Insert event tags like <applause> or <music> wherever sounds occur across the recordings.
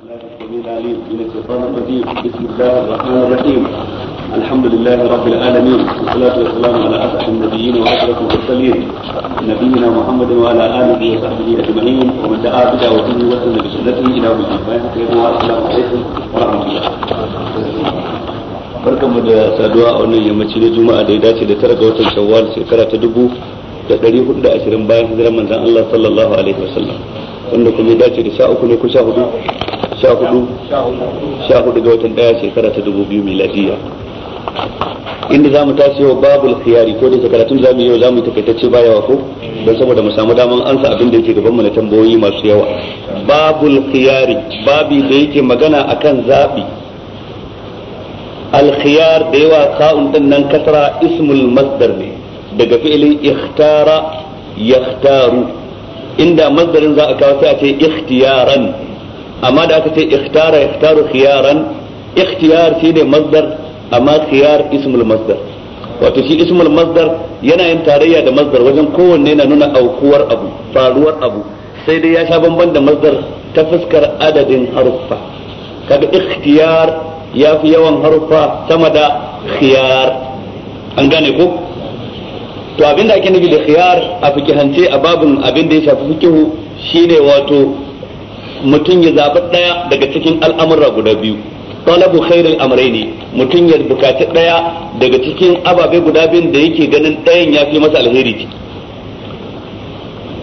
الله السميع العليم من الشيطان الرجيم بسم الله الرحمن الرحيم الحمد لله رب العالمين والصلاة والسلام على أسعد النبيين وأشرف المرسلين نبينا محمد وعلى آله وصحبه أجمعين ومن دعا بدعوته وسن بسنته إلى يوم الدين السلام عليكم ورحمة الله barkanmu da saduwa a wannan yammaci na juma'a da ya dace da tara ga watan shawwal shekara ta dubu da ɗari hudu da ashirin bayan hijirar manzon Allah sallallahu alaihi wasallam wanda kuma ya dace da sha uku ne ko sha hudu sha hudu ga watan daya shekara ta dubu biyu miladiyya inda za mu tashi yau babul khiyari ko da karatun za mu yau za mu takaitacce baya wa ko don saboda mu samu daman ansa abin da yake gaban mu na tambayoyi masu yawa babul khiyari babi da yake magana akan zabi alkhiyar da yawa sa'un din nan kasara ismul masdar ne daga fi'ilin ikhtara yakhtaru inda masdarin za a kawo sai a ce ikhtiyaran amma da aka ce ikhtara ikhtaru khiyaran ikhtiyar shine masdar amma khiyar ismul masdar wato shi ismul masdar yana yin tarayya da masdar wajen kowanne na nuna aukuwar abu faruwar abu sai dai ya sha bamban da masdar ta fuskar adadin haruffa kaga ikhtiyar ya fi yawan haruffa sama da khiyar an gane ko to abinda ake nufi da khiyar a fikihance a babin abin da ya shafi fikihu shine wato mutum ya zaɓi ɗaya daga cikin al'amura guda biyu talabu khairul amrayni mutum ya bukaci ɗaya daga cikin ababe guda biyun da yake ganin ɗayan ya fi masa alheri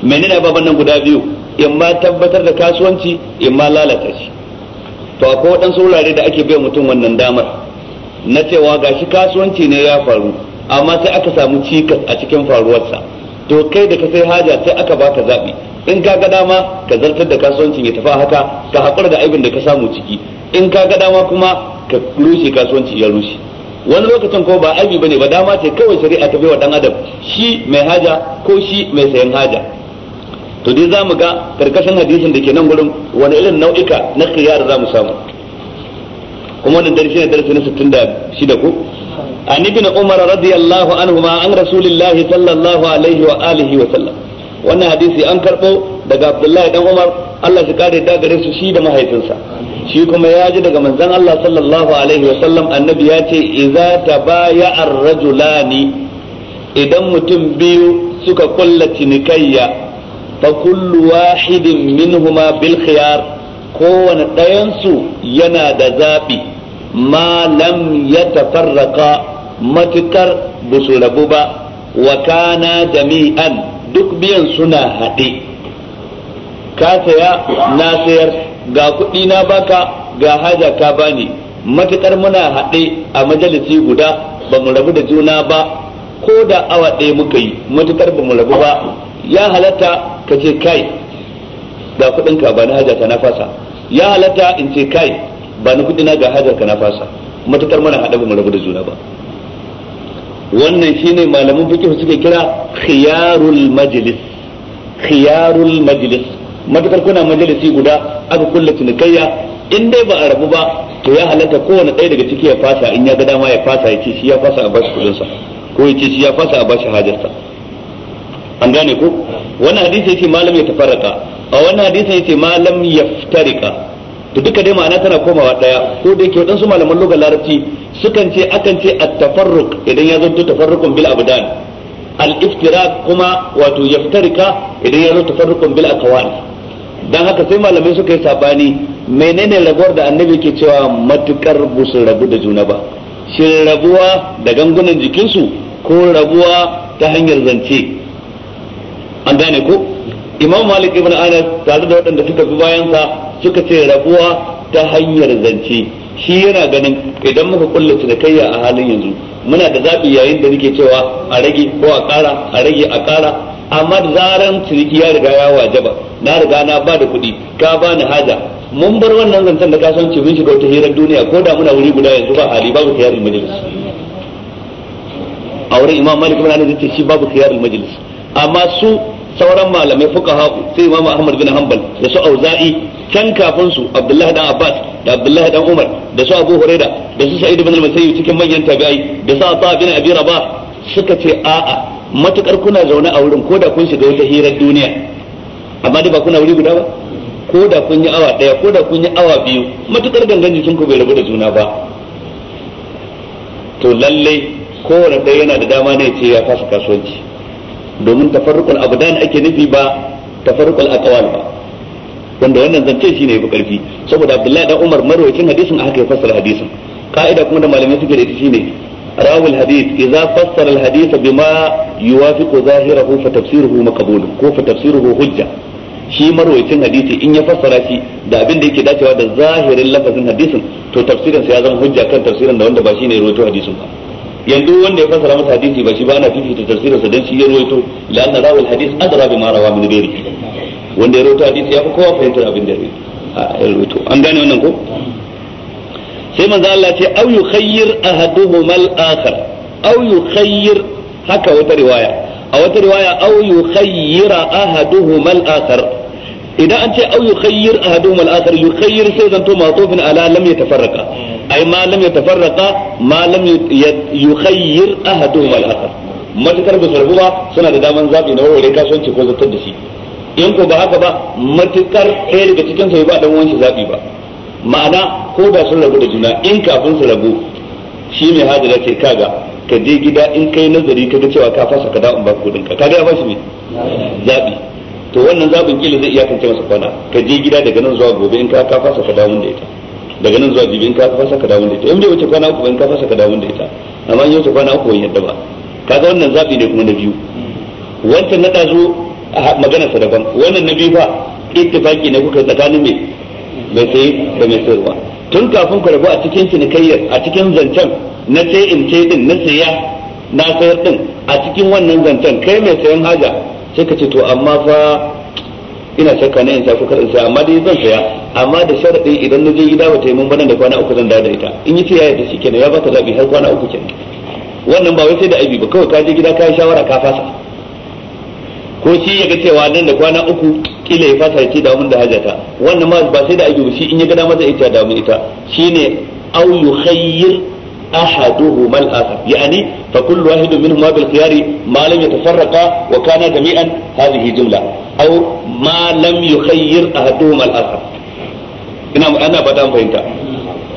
menene ababen nan guda biyu in ma tabbatar da kasuwanci in ma lalata shi to akwai waɗansu wurare da ake bai mutum wannan damar na cewa gashi kasuwanci ne ya faru amma sai aka samu cikas a cikin faruwarsa to kai da ka sai haja sai aka baka zaɓi in ka ga dama ka zartar da kasuwancin ya tafi haka ka haƙura da aibin da ka samu ciki in ka ga dama kuma ka rushe kasuwanci ya rushe wani lokacin ko ba aibi bane ba dama ce kawai shari'a ta wa dan adam shi mai haja ko shi mai sayan haja to dai zamu ga karkashin hadisin da ke nan gurin wani irin nau'ika na khiyar zamu samu kuma wannan darasi ne darasi na 66 ko an ibn umar radiyallahu anhu ma an rasulillahi sallallahu alaihi wa alihi wa sallam wannan hadisi an karɓo daga abdullahi dan umar allah su kare da gare su shi da mahaifinsa shi kuma ya ji daga manzon allah sallallahu alaihi wasallam annabi ya ce iza tabaya ar-rajulani idan mutum biyu suka kulla cinikayya fa kullu wahidin minhuma bil khiyar kowane ɗayansu yana da zaɓi ma lam yatafarraqa matukar busu rabu ba wa kana jami'an duk biyan suna haɗe ka saya na sayar ga kuɗi na baka ga haja ka bani matuƙar muna haɗe a majalisi guda ba mu rabu da juna ba ko da awa ɗaya muka yi matuƙar ba mu rabu ba ya halatta ka ce kai ga kuɗin ka ba na haja ka na fasa ya halatta in ce kai ba na kuɗi na ga haja ka na fasa matuƙar muna haɗe ba mu rabu da juna ba wannan shine malamin fiqh suke kira khiyarul majlis khiyarul majlis matakar kuna majalisi guda aka kulla cinikayya in dai ba a rabu ba to ya halatta kowane ɗaya daga ciki ya fasa in ya ga dama ya fasa ya ce shi ya fasa a bashi kudinsa ko ya ce shi ya fasa a bashi hajarsa an gane ko wannan hadisi yace malam ya tafarraka a wannan hadisi yace malam yaftarika to duka dai ma'ana tana komawa daya ko da yake wadansu malaman lugar larabci sukan ce akan ce at-tafarruq idan ya zanto tafarruqun bil abdan al-iftiraq kuma wato yaftarika idan ya zanto tafarruqun bil aqwal dan haka sai malamai suka yi sabani menene rabuwar da annabi ke cewa matukar busu rabu da juna ba shin rabuwa da gangunan jikinsu ko rabuwa ta hanyar zance an gane ko imam malik ibn anas tare da waɗanda suka bi bayansa suka ce rabuwa ta hanyar zance shi yana ganin idan muka kulla cinikayya a halin yanzu muna da zaɓi yayin da nake cewa a rage ko a ƙara a rage a ƙara amma da zaran ciniki ya riga ya wajaba na riga na ba da kuɗi ka ba ni haja mun bar wannan zancen da kasuwanci mun shiga wata hirar duniya ko da muna wuri guda yanzu ba hali babu khiyarul majalis a wurin imam malik bin anas ce shi babu khiyarul majalis amma su sauran malamai fuka haku sai Imam Ahmad bin Hanbal da su Auza'i can kafin su Abdullahi dan Abbas da Abdullahi dan Umar da su Abu Huraira da su Sa'id bin al-Musayyib cikin manyan tabi'ai da su Atha bin Abi Rabah suka ce a'a matukar kuna zaune a wurin koda kun shiga wata hirar duniya amma dai ba kuna wuri guda ba ko da kun yi awa daya ko da kun yi awa biyu matukar gangan jikin ku bai rabu da juna ba to lalle kowane ɗaya yana da dama ne ce ya fasa kasuwanci domin tafarruqul abdan ake nufi ba tafarruqul aqwal ba wanda wannan zance shine yafi karfi saboda Abdullahi dan Umar marwayacin hadisin aka fassara hadisin ka'ida kuma da malamai suke da ita shine rawul hadith idza fassara hadith bima yuwafiqu zahirahu fa tafsiruhu maqbul ko fa tafsiruhu hujja shi marwayacin hadisi in ya fassara shi da abin da yake dacewa da zahirin lafazin hadisin to tafsirin sa ya zama hujja kan tafsirin da wanda ba shine rawaito hadisin ba yanzu wanda ya fassara masa hadisi ba shi ba ana fifita tafsirin sa dan shi ya rawaito la anna rawi hadis adra bi ma rawa min ghairi wanda ya rawaito hadisi ya fi kowa fahimtar abin da ya rawaito an gane wannan ko sai manzo Allah ce aw yukhayyir ahaduhuma al-akhar aw yukhayyir haka wata riwaya a wata riwaya aw yukhayyira ahaduhuma al-akhar idan an ce au yukhayyir ahadum al akhar yukhayyir sai zanto tofin ala lam yatafarraqa ai ma lam yatafarraqa ma lam yukhayyir ahadum al akhar matakar ba sarbu ba suna da daman zabi na warware kasuwanci ko zartar da shi in ko ba haka ba matakar ɗaya daga cikin sai ba dan wanshi zabi ba ma'ana ko ba sun rabu da juna in kafin su rabu shi mai hajjira ce kaga ka je gida in kai nazari ka ga cewa ka fasa ka da'un ba kudin ka ga ya fashi ne zabi to wannan zabin kila zai iya kanke masa kwana ka je gida daga nan zuwa gobe in ka ka fasa ka dawo da ita daga nan zuwa jibi in ka fasa ka dawo da ita in dai wace kwana uku in ka fasa ka dawo da ita amma in wuce kwana uku ban yadda ba kaga wannan zabi ne kuma na biyu wancan na dazu magana sa daban wannan na biyu fa ittifaki ne kuka tsakanin me mai sai da mai sayarwa tun kafin ku rabu a cikin cinikayyar a cikin zancen na sai in ce din na saya na sayar din a cikin wannan zancen kai mai sayan haja sai ka ce to amma fa ina shakka ne in sa ko kar in sa amma dai zan saya amma da sharadin idan na je gida ba ta yi mun bana da kwana uku zan da ita in yi ce ya shi kenan ya baka zabi har kwana uku kenan wannan ba wai sai da aibi ba kawai ka je gida ka yi shawara ka fasa ko shi ya ga cewa nan da kwana uku kila ya fasa ya ce da mun da hajata wannan ma ba sai da aibi ba shi in ya ga dama zai iya da mun ita shine au yukhayyir أحدهما الآخر يعني فكل واحد منهما بالخيار ما لم يتفرقا وكان جميعا هذه جملة أو ما لم يخير أحدهما الآخر أنا أنا بدأ فهمت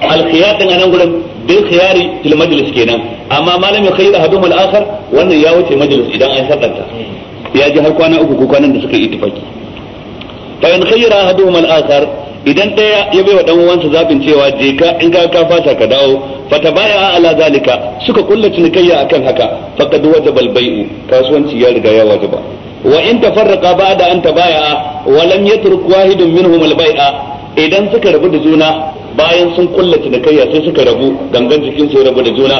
الخيار دين أنا أقول بالخيار في المجلس كنا أما ما لم يخير أحدهما الآخر وأن ياوت المجلس إذا أن شرطت يا جهل كوانا أبو كوانا نسكي إتفاقي فإن خير أحدهما الآخر idan ɗaya ya bai wa ɗan uwansa zabin cewa je ka in ka ka fasa ka dawo baya ala zalika suka kulla cinikayya akan haka faqad wajaba al kasuwanci ya riga ya wajaba wa in tafarraqa ba'da an tabaya wa lam yatruk wahidun minhum al-bai'a idan suka rabu da juna bayan sun kulla cinikayya sai suka rabu gangan jikin su ya rabu da juna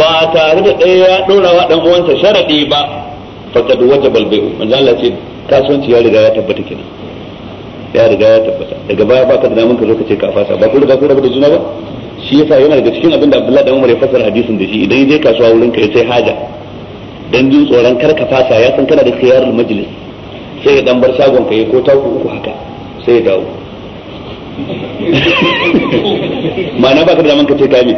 ba tare da ɗaya ya ɗora wa dan uwansa sharadi ba faqad wajaba al-bai'u manzo Allah ce kasuwanci ya riga ya tabbata kenan ya riga ya tabbata daga baya ba ka da namun ka zo ka ce ka fasa ba ku ba kullu ba da juna ba shi yasa yana daga cikin abin da Abdullahi da Umar ya fasara hadisin da shi idan ya je kasuwa wurin ka ya sai haja dan jin tsoron kar ka fasa ya san kana da khiyarul majlis sai ya dan bar shagon ka ya ko taku uku haka sai ya dawo <laughs> ma'ana ba ka da namun ka ce ka ne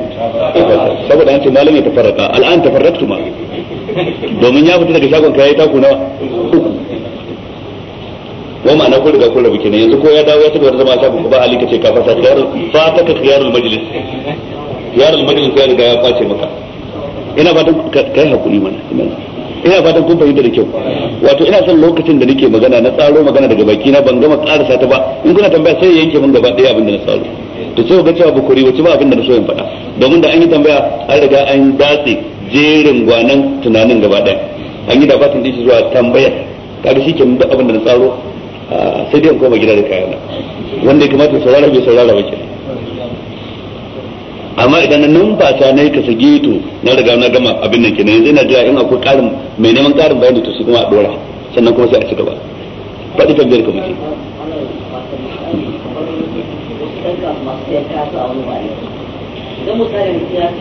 saboda an ce malami ya tafarraka al'an tafarraktuma domin ya fita daga shagon ka ya taku nawa uku wa ma'ana kun riga kun rabu kenan yanzu ko ya dawo ya tabbata zama shafin ku ba hali kace ka fasa khiyarul ka khiyarul majlis khiyarul majlis sai ga ya kwace maka ina fatan kai hakuri mana ina fatan kun fahimta da kyau wato ina son lokacin da nake magana na tsaro magana daga baki na ban gama karasa ta ba in kuna tambaya sai yanke mun gaba daya abin da na tsaro to sai ga cewa bukuri wace ba abin da na so in faɗa domin da an yi tambaya an riga an datse jerin gwanan tunanin gaba daya an yi da fatan dishi zuwa tambayar kaga shi ke mun abin da na tsaro sai dai in koma gida da kayana wanda ya kamata saurara bai saurara ba kenan amma idan na numfasa na yi kasa geto na riga na gama abin nan na yanzu yana jira in akwai karin mai neman karin bayani to su kuma a dora sannan kuma sai a ci gaba faɗi tambayar kamar ce idan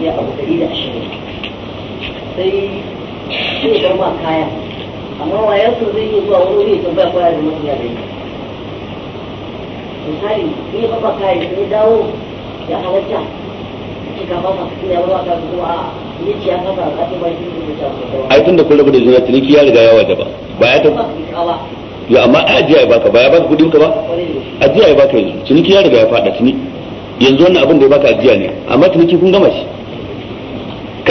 ya abu 120 sai shi kaya amma wayansu zai yi zuwa wani wuri tun ba koya da mutum ya bai yi misali ni ba ba kai sai dawo ya halatta ki ka ba ka ne ba ka zuwa ni ci ka ba ka ba ki da ai tunda kun rabu da tuni k'i ya riga ya waje ba ba ya ta ya amma a ajiya ya baka ba ya baka kudin ka ba ajiya ya baka yanzu ciniki ya riga ya fada tuni yanzu wannan abin da ya baka ajiya ne amma ciniki kun gama shi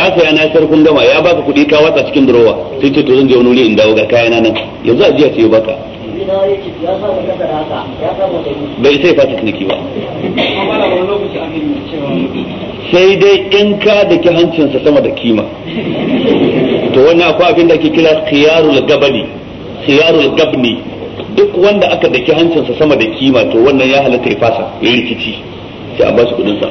ka saya na sar kun gama ya baka kuɗi ka watsa cikin durowa sai ce to zan je wani wuri in dawo ga kayana nan yanzu ajiya ce baka bai sai fata ciniki ba sai dai in ka da ki hancinsa sama da kima to wannan akwai abin da ake kira khiyarul gabani khiyarul gabni duk wanda aka daki hancinsa sama da kima to wannan ya halatta ya fasa ya rikici sai a ba shi kudin sa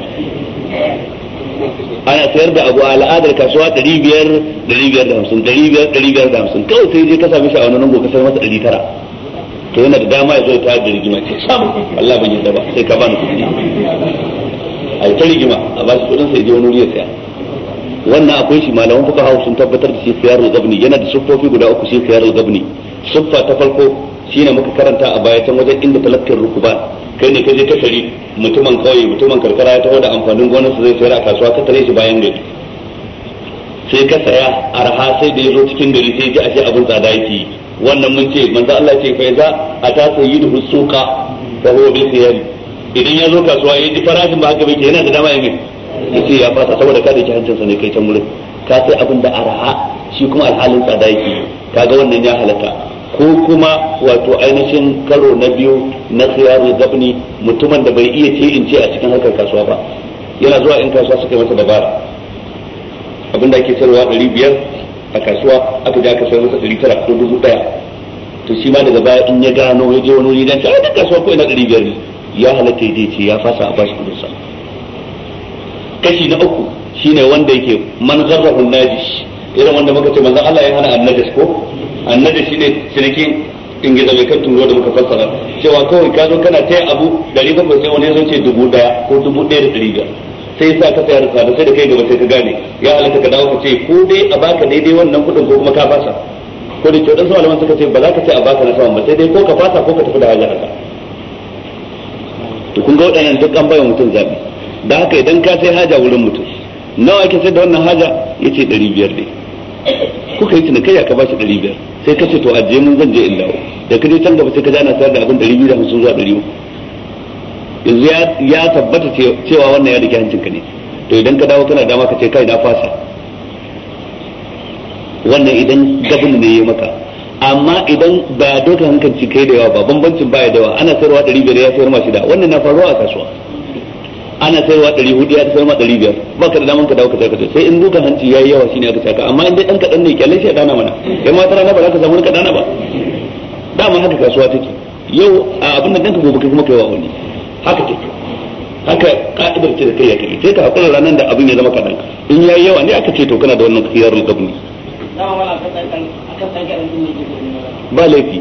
ana sayar da abu a al'adar kasuwa ɗari biyar ɗari biyar da hamsin ɗari biyar ɗari biyar da hamsin kawai sai je ka same shi a wani nango ka masa ɗari tara to yana da dama ya zo ta da rigima ce sam Allah ban yadda ba sai ka bani kuɗi a ta rigima a ba shi kuɗin sai je wani wuri ya saya wannan akwai shi malaman fuka hau sun tabbatar da shi da gabni yana da siffofi guda uku shi da gabni siffa ta farko shine muka karanta a baya can wajen inda talakkin rukuban kai ne kaje tashari mutumin kauye mutumin karkara ya taho da amfanin gonar su zai sayar a kasuwa ka tare shi bayan gari sai ka saya arha sai da yazo cikin gari sai ji shi abin tsada yake wannan mun ce manzo Allah ce fa iza ata sayyidu suqa fa huwa bil khiyar idan ya zo kasuwa ya ji farashin ba haka bai yana da dama yake yace ya fasa saboda ka kada ki hancinsa ne kai can wurin ka sai abin da arha shi kuma alhalin tsada yake kaga wannan ya halaka ko kuma wato ainihin karo na biyu na khiyarul gabni mutumin da bai iya ce in ce a cikin harkar kasuwa ba yana zuwa in kasuwa suka yi masa dabara abinda ake sayarwa ɗari biyar a kasuwa aka ja aka masa ɗari tara ko dubu ɗaya to shi ma daga baya in ya gano ya je wani wuri cewa ce kasuwa ko ina ɗari biyar ne ya halatta ya ce ya fasa a bashi kudinsa kashi na uku shine wanda yake man najis irin wanda muka ce manzan Allah ya hana annajis ko annabi shi ne cinikin gida mai kan turo da muka fassara cewa kawai ka zo kana taya abu dari bakwai sai wani ya ce dubu daya ko dubu ɗaya da ɗari biyar sai sa ka tsaya da tsada sai da kai gaba sai ka gane ya halatta ka dawo ka ce ko dai a baka daidai wannan kudin ko kuma ka fasa ko da ke wadansu malaman suka ce ba za ka ce a baka na saman ba sai dai ko ka fasa ko ka tafi da haja haka to kun ga waɗannan duk an bayan mutum zaɓi da haka idan ka sai haja wurin mutum nawa ake sai da wannan haja Ya ce ɗari biyar dai kuka yi kaiya ka bashi ɗari biyar sai ka ce to ajiye mun zan je in dawo da ka je can gaba sai ka ji ana sayar da abin ɗari biyu da hamsin zuwa ɗari uku yanzu ya tabbata cewa wannan ya rike hancinka ne to idan ka dawo kana dama ka ce kai na fasa wannan idan gabin ne ya maka amma idan ba doka hankanci kai da yawa ba bambancin ya da yawa ana sayarwa ɗari biyar ya sayar ma shida wannan na faruwa a kasuwa ana sayarwa ɗari hudu ya sayar ma ɗari biyar ba ka da daman ka dawo ka sayar ka sai in zuka hanci ya yi yawa shine aka saka amma in dai ɗan kaɗan ne kyalai shi dana mana kai ma tara na ba za ka samu wani kaɗana ba dama haka kasuwa take yau a abin da ɗan ka gobe kuma kai wa wani haka take haka ka'idar ce da kai ya kai sai ka hakura ranar da abin ya zama kaɗan in yi yawa ne aka ce to kana da wannan khiyarul qabli ba laifi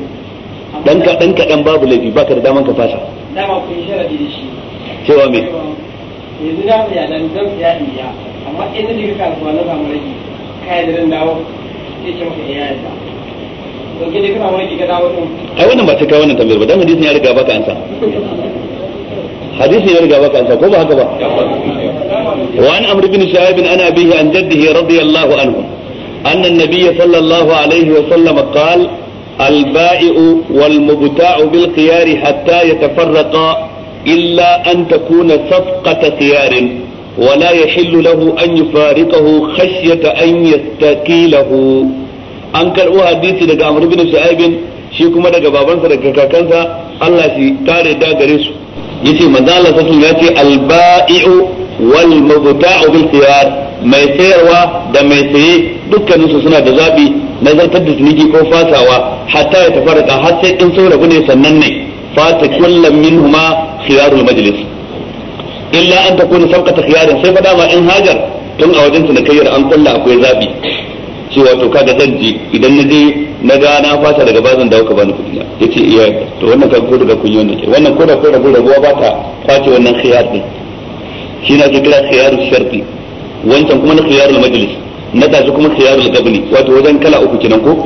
dan kaɗan babu laifi ka da daman ka fasa dama kun sharadi da shi cewa me yanzu za mu yada zan siya in ya amma in na shiga kasuwa na samu rage ka yadda zan dawo sai ce maka eh, to ke wani dawo ai wannan ba sai wannan tambayar ba dan hadisin ya riga baka ansa hadisin ya riga baka ansa ko وعن عمرو بن شعيب عن أبيه عن جده رضي الله عنه أن النبي صلى الله عليه وسلم قال البائع والمبتاع بالخيار حتى يتفرقا illa an takuna safqata khiyarin ولا يحل له أن يفارقه خشية أن يستقيله an karɓo hadisi daga amr bin shu'aib shi kuma daga babansa da kakansa Allah shi tare da gare su yace manzo Allah sallallahu ya ce al-ba'i'u wal mubta'u bil khiyar mai sayarwa da mai saye dukkanin suna da zabi nazartar da ciniki ko fasawa hatta ya tafarka har sai in sun rabu ne sannan fata min huma khiyarul majlis illa an takuna sabqata khiyarin sai fa dama in hajar tun a wajen cinikayyar an kulla akwai zabi cewa wato ka zan je idan na je na ga na fata daga bazan dawo ka bani kuɗi na yace iya to wannan ka ko daga kunyo ne wannan wannan ko da ko da gura ba ta kwace wannan khiyar din shi na ke kira khiyar sharti wancan kuma na khiyar majlis na tashi kuma khiyar gabni wato wajen kala uku kenan ko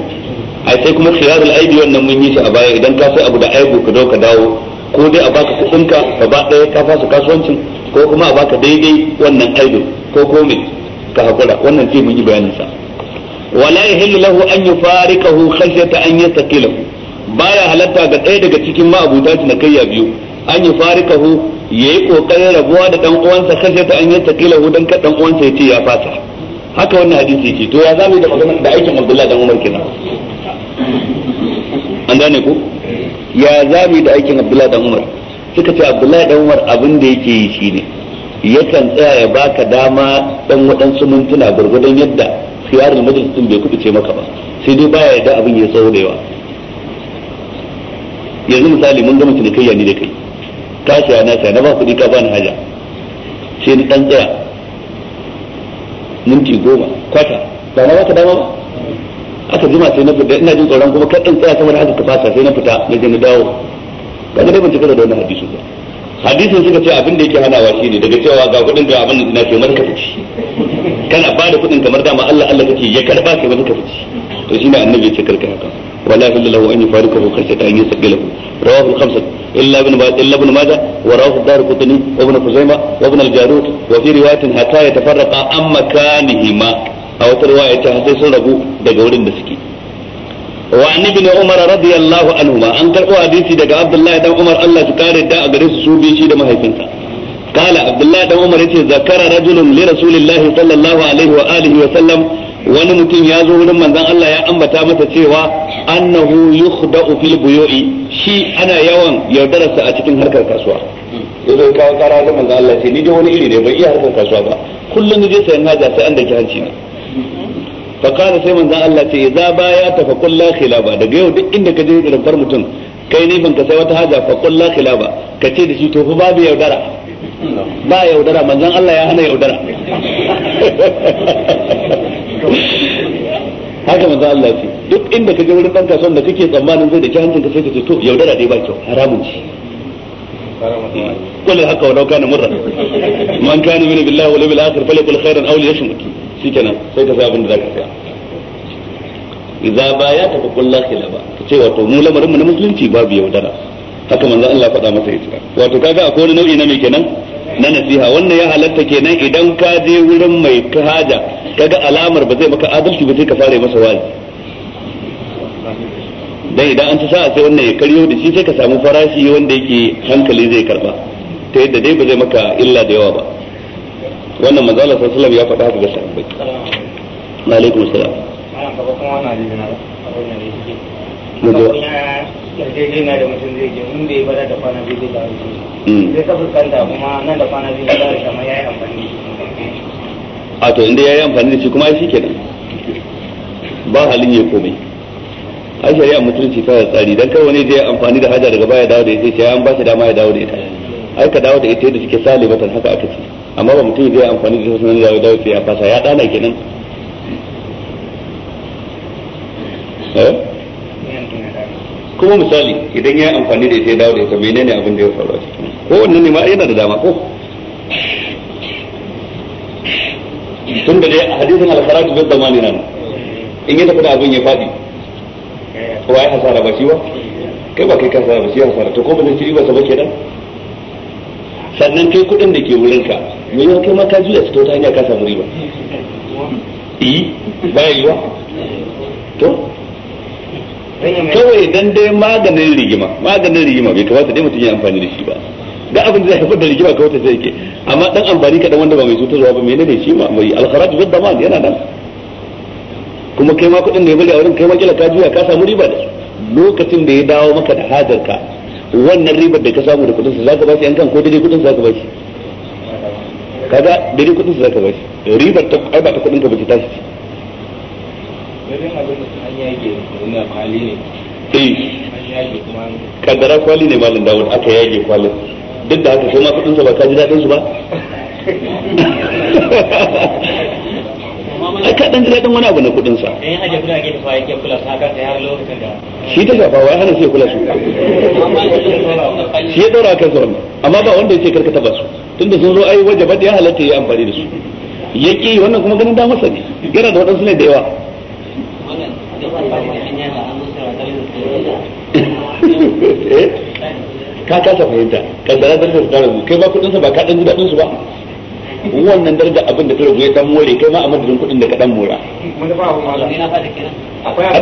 ai sai kuma khiyarul aibi wannan mun yi shi a baya idan ka sai abu da aibu ka zo ka dawo ko dai a baka kuɗin ka gaba ɗaya ka fasa kasuwancin ko kuma a baka daidai wannan aibu ko komai ka hakura wannan sai mun yi bayanin sa wala yahillu lahu an yufarikahu khashyata an yastaqilahu baya halatta ga ɗaya daga cikin ma'abuta tunakayya biyu an yi farikahu ya yi ƙoƙarin rabuwa da ɗan uwansa kashe ta an yi dan ka ɗan uwansa ya ce ya fasa haka wannan hadisi yake to ya zamu da magana da aikin Abdullahi dan Umar kenan an gane ko ya zamu da aikin abdullahi dan umar suka ce abdullahi dan umar abin da yake yi shine yakan tsaya ya baka dama dan waɗansu mintuna gurgudan yadda siyarin majalisin bai kuɗi ce maka ba sai dai baya yarda abin ya tsawo da yawa yanzu misali mun gama ya ni da kai ka siya na siya na ba kuɗi ka bani haja sai ni dan tsaya minti goma kwata ba na baka dama ba aka jima sai na fita ina jin tsoron kuma in tsaya saboda haka ka fasa sai na fita na je na dawo kaga dai ban cika da wannan hadisin ba hadisin suka ce abin da yake hanawa shine daga cewa ga kuɗin ga abin da ina ce marka fici kana ba da kuɗin kamar dama Allah Allah kake ya karba kai ba ka fici to shine annabi ya ce karka haka wala ilaha illallah wa anni farukahu khashyata an yasqilahu rawahu al-khamsah إلا ابن إلا ابن ماجه ورواه الدار wa وابن خزيمة وابن الجارود وفي رواية حتى يتفرقا عن مكانهما a wata riwaya ta sai sun rabu daga wurin da suke wa an ibn umar radiyallahu anhu ma an karbo hadisi daga abdullahi dan umar Allah su kare da a gare su su bi shi da mahaifinsa قال عبد الله بن عمر يتي ذكر رجل لرسول الله صلى الله عليه واله وسلم wani mutum ya zo wurin manzon Allah ya ambata masa cewa annahu yukhda'u fil buyu'i shi ana yawan yaudararsa a cikin harkar kasuwa yazo kawo kara da manzon Allah ce ni da wani iri ne bai iya harkar kasuwa ba kullum ni sai na haja sai an dake hanci ne fa sai manzan Allah ce idza baya ta tafa kullu khilaba daga yau duk inda ka je rumfar mutum kai ne ban ka sai wata haja fa kullu khilaba ka ce da shi to fa babu yaudara ba yaudara manzan Allah ya hana yaudara haka manzan Allah ce duk inda ka je wurin dan kasuwan da kake tsammanin zai da ki hancin ka sai ka ce to yaudara dai ba kyau haramun ce kullu haka wa kana murra man kana min billahi wal yawmil akhir falyakul khairan aw liyashmut shikenan sai ka sa abin da zaka ya idza bayata fa kullu khilaba ce wato mu lamarin mu na musulunci babu yaudara haka manzo Allah faɗa masa yace wato kaga akwai wani nau'i na me kenan na nasiha wannan ya halatta kenan idan ka je wurin mai haja kaga alamar ba zai maka adalci ba zai ka fara masa wazi dan idan an ta sa'a sai wannan ya karyo da shi sai ka samu farashi wanda yake hankali zai karba ta yadda dai ba zai maka illa da yawa ba wannan manzo Allah sallallahu alaihi wasallam ya faɗa ga sahabbai wa alaikum salam yarjejeniya da mutum zai je mm. na bai bada da kwana ya a to inda ya yi amfani da shi kuma shi kenan ba halin ya komai ai shari'a mutunci ta da tsari dan kar wani je amfani da haja daga baya dawo da ita sai an ba shi dama ya dawo da ita ai ka dawo da ita da take sale mata haka aka ce amma ba mutum zai amfani da sunan dawo dawo sai ya fasa ya dana kenan eh? kuma misali idan ya amfani da ita ya dawo da ita menene abin da ya faru a cikin ko wannan ne ma yana da dama ko tun da dai hadisin al-kharaj bi zamani nan in ya tafi da abin ya fadi wai hasara ba shi ba kai ba kai ka hasara ba shi hasara to ko ba zai ci riba ba kenan sannan kai kudin da ke wurin ka me yau kai ma ka juya su ta hanya ka samu riba yi baya yiwa to kawai dan dai maganin rigima maganin rigima bai kamata dai mutum ya amfani da shi ba da abin da zai haifar da rigima kawai ta sai ke amma dan amfani kadan wanda ba mai zuwa ba menene shi ma mai alkharaj bid daman yana nan kuma kai ma kudin da ya bari a wurin kai ma kila ka juya ka samu riba da lokacin da ya dawo maka da ka wannan ribar da ka samu da kudin sa zaka ba shi yankan ko daidai kudin sa zaka ba shi kaga daidai kudin sa zaka ba shi ribar ta ai ba ta kudin ka ba ta tashi eh. kaddara kwali ne malin dawud aka yage kwali duk da haka kai ma kudin sa ba ka ji dadin su ba <laughs> ai ka dan ji daɗin wani abu na kuɗin eh, sa shi ta shafa wai hana sai kula su shi ya daura kan sauran amma ba wanda ya ce karka taba su tunda sun zo ai wajabat ya halatta ya amfani da su yake wannan kuma ganin da masa ne yana da waɗansu ne da yawa <laughs> eh? ka kasa fahimta kan da ranar da su kai ba kuɗinsa ba ka ɗan ji daɗinsu ba wannan daraja abin da ta ya dan more kai ma a madadin kudin da ka dan mora hada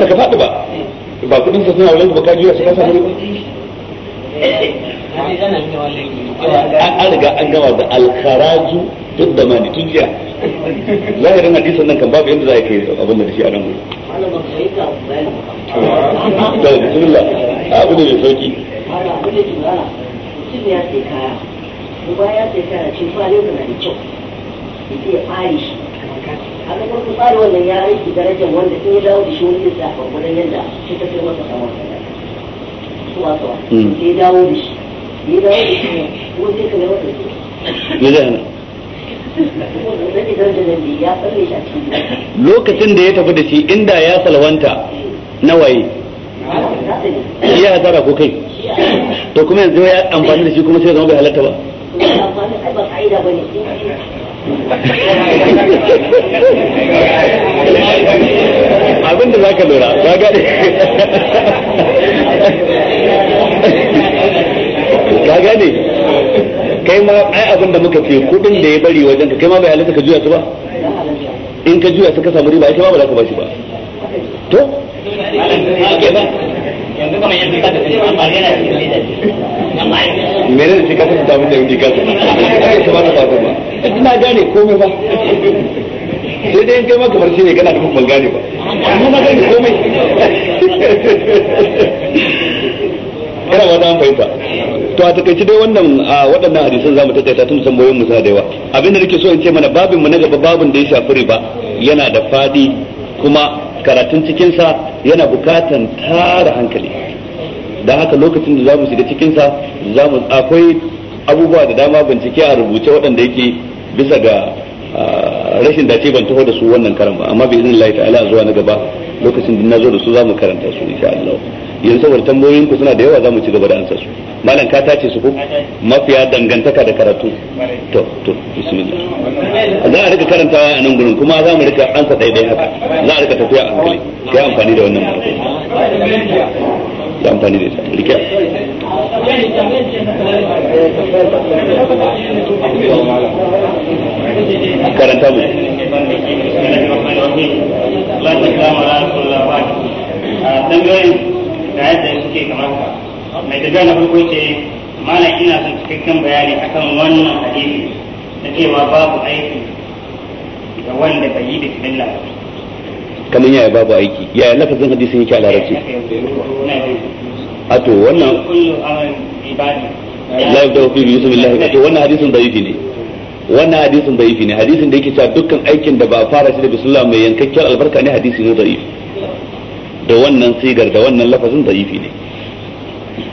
eh. ka ba ba kudin sa suna wurin ba ka su ka samu eh, an riga an gama da alkaraju duk da mani tun jiya zahirin hadisan nan kan babu yanda za a kai abin da shi a nan gudu to bismillah abu ne mai sauki da ya ce ya shi a kuma wannan ya lokacin da ya tafi da shi inda ya salwanta na waye ya hasara ko kai to kuma yanzu ya amfani da shi kuma sai zama bai halatta ba abin da za ka lura ba gane ka gane kai ma ai abin da muka ce kudin da ya bari wajen ka kai ma bai halitta ka juya su ba in ka juya su ka samu riba ai kai ma ba za ka ba shi ba to yanzu kamar yanzu ka tafi amma yana cikin leda amma mere da ka tafi tafi da yanzu ka tafi kai su ba ta ba ba ina gane komai ba sai dai kai maka farshe ne kana da ban gane ba amma na gane komai kana wata an fahimta to a takaice dai wannan waɗannan hadisan zamu takaita tun boyon musa da yawa abinda nake so in ce mana babin mu na gaba babin da ya shafi riba yana da fadi kuma karatun cikinsa yana bukatan tara hankali da haka lokacin da za mu shiga cikinsa za akwai abubuwa da dama bincike a rubuce waɗanda yake bisa ga ah, rashin dace ban taho da su wannan karan ba amma bi izinin ta'ala zuwa na gaba lokacin din na zo da su za mu karanta su insha Allah yanzu saboda tambayoyin ku suna da yawa za mu ci gaba da ansa su malam ka tace su ko mafiya dangantaka da karatu to to bismillah za a rika karantawa a nan gurin kuma za mu rika ansa daidai haka za a rika tafiya a hankali kai amfani da wannan yi amfani da ita rike karanta mu mai tafiya na farko ce malam ina son cikakken bayani akan wannan hadisi na cewa babu aiki ga wanda bai yi da bismillah kamar yaya babu aiki yaya lafazin hadisin yake a larabci ato wannan laif da wafi bi yusuf ato wannan hadisin da'ifi ne wannan hadisin da'ifi ne hadisin da yake cewa dukkan aikin da ba a fara shi da bismillah mai yankakken albarka ne hadisi ne da'ifi da wannan sigar da wannan lafazin da'ifi ne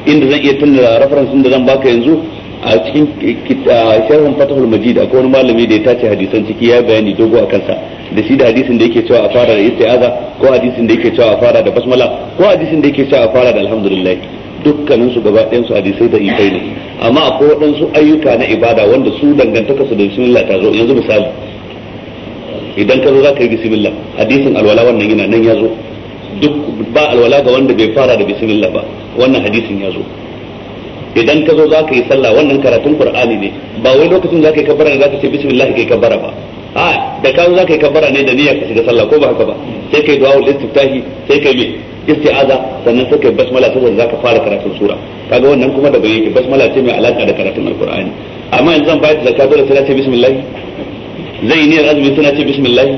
inda zan iya a reference da zan baka yanzu a cikin sharhin fatahul majid akwai wani malami da ya tace hadisan ciki ya bayani dogo akan sa da shi da hadisin da yake cewa a fara da isti'aza ko hadisin da yake cewa a fara da basmala ko hadisin da yake cewa a fara da alhamdulillah dukkanin su gaba ɗayan su hadisai da ikai ne amma akwai waɗansu ayyuka na ibada wanda su dangantaka su da bismillah ta zo yanzu misali idan ka zo za ka yi bismillah hadisin alwala wannan yana nan ya zo duk ba alwala ga wanda bai fara da bismillah ba wannan hadisin ya zo idan ka zo za ka yi sallah wannan karatun qur'ani ne ba wai lokacin za ka yi kabbara ne za ka ce bismillah ka kabbara ba a da ka za ka yi kabbara ne da niyyar ka shiga sallah ko ba haka ba sai kai du'a istiftahi sai kai me isti'aza sannan sai kai basmala saboda zaka fara karatun sura kaga wannan kuma da bayyake basmala ce mai alaka da karatun alqur'ani amma yanzu zan bayar da zakka dole sai na ce bismillah zai niyyar azumi sai na ce bismillah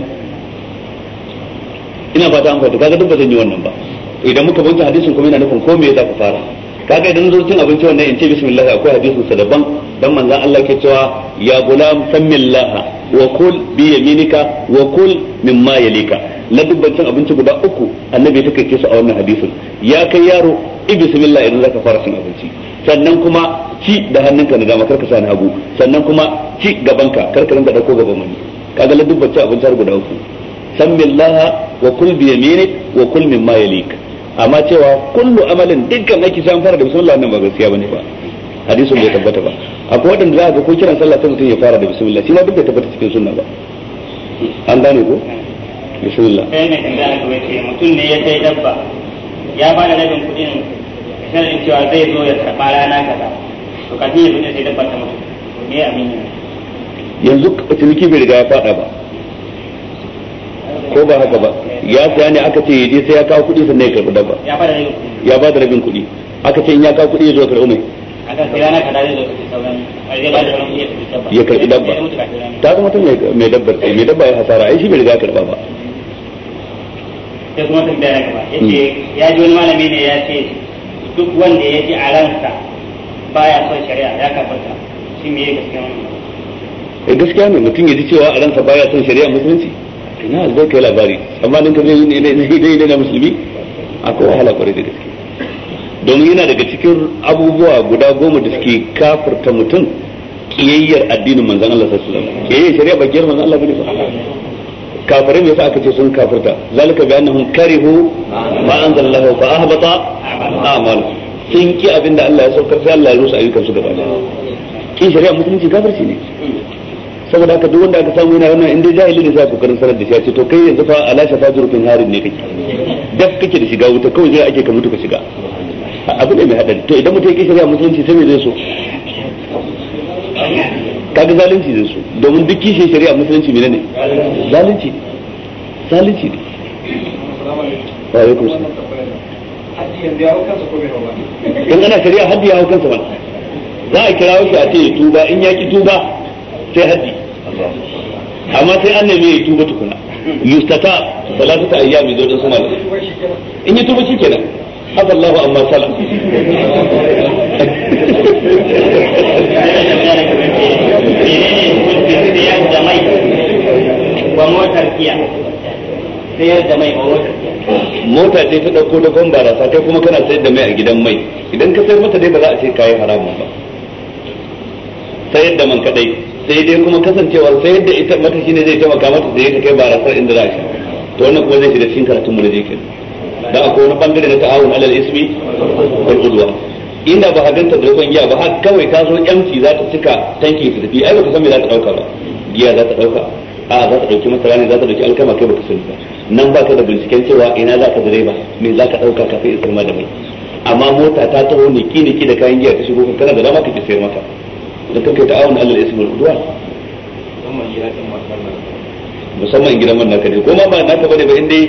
ina fata an fata kaga duk ba zan yi wannan ba idan muka bunta hadisin kuma yana nufin ko me ya zaka fara kaga idan zo cin abinci wannan in ce bismillah akwai hadisin sa daban dan manzon Allah ke cewa ya gulam sammillaha wa kul bi yaminika wa kul mimma yalika ladubbancin abinci guda uku annabi ta kake su a wannan hadisin ya kai yaro bismillah idan zaka fara cin abinci sannan kuma ci da hannunka na dama karka sani hagu sannan kuma ci gabanka karka rinka dauko gaban wani kaga ladubbancin abinci har guda uku sammillaha wa kul bi yaminika wa kul mimma yalika amma cewa kullu amalin dukkan aiki sai an fara da bismillah wannan ba gaskiya bane ba hadisin bai tabbata ba akwai wadanda za a ga ko kiran sallah sai mutum ya fara da bismillah shi ma duk bai tabbata cikin sunna ba an gane ko bismillah sai ne kan da aka wace mutum ne ya sai dabba ya ba da rabin kuɗin sanadin cewa zai zo ya karɓa rana kaza to kafin ya zo sai dabba ta mutu me ya yanzu ciniki bai riga ya fada ba ko ba haka ba ya saya ne aka ce yaje sai ya kawo kuɗi sannan ya karbi dabba ya ba da rabin kudi aka ce in ya kawo kudi ya zo karbi mai ya karbi dabba ta kuma tun mai dabbar sai mai dabba ya hasara ai shi bai riga karba ba sai kuma tun bayan gaba yace ya ji wani malami ne ya ce duk wanda ya ji a baya son shari'a ya kafarta shi me ya gaskiya wannan gaskiya ne mutum ya ji cewa a ransa baya son shari'a musulunci ina zai kai labari amma nan ka zai ne ne ne musulmi akwai wahala kwarai da gaske domin yana daga cikin abubuwa guda goma da suke kafirta mutum kiyayyar addinin manzan Allah sassu da kiyayyar shari'a ba kiyar manzon Allah bane ba kafirin yasa aka ce sun kafirta zalika bi annahum karihu ma anzalallahu fa ahbata a'mal sun ki abinda Allah ya saukar sai Allah ya rusa ayyukan su gaba daya kin shari'a musulunci kafirci ne saboda haka duk wanda aka samu yana wannan inda jahili ne sai kokarin sanar da shi ya ce to kai yanzu fa ala shafa zurfin harin ne kake daf kake da shiga wuta kawai zai ake ka mutu ka shiga abu ne mai hadari to idan mutum ya shari'a musulunci sai me zai so kaga zalunci zai so domin duk kishin shari'a musulunci menene zalunci zalunci ne wa alaikum salam in ana shari'a haddi ya hau kansa ba za a kira shi a ce ya tuba in ya ki tuba sai haddi amma sai an nemi ya tuba tukuna yustata salatu ta ayyami zo dan su malamai in ya tuba shikenan afallahu amma sala mota ce ta ɗauko da barasa kai kuma kana sayar da mai a gidan mai idan ka sayar mata dai ba za a ce kayi haramun ba sayar da man kadai sai dai kuma kasancewar sayar da ita mata shine zai taimaka mata da ta kai barasar inda za a sha to wannan kuma zai shiga cikin karatun mu da jikin da akwai wani bangare na ta'awun alal ismi wal udwa inda ba ka ganta da rukun giya ba har kawai ka zo yanci za ta cika tanki ta tafi ai baka san me za ta dauka ba giya za ta dauka a za ta dauki masara ne za ta dauki alkama kai baka sani ba nan ba ka da binciken cewa ina za ka direba me za ka dauka kafin isar ma da mai amma mota ta taho ne ki ne ki da kayan giya ta shigo ka kana da dama ka ki sayar maka da kake ta'awun alal ismi wal udwa musamman gidan man naka ne ko ma ba naka bane ba inda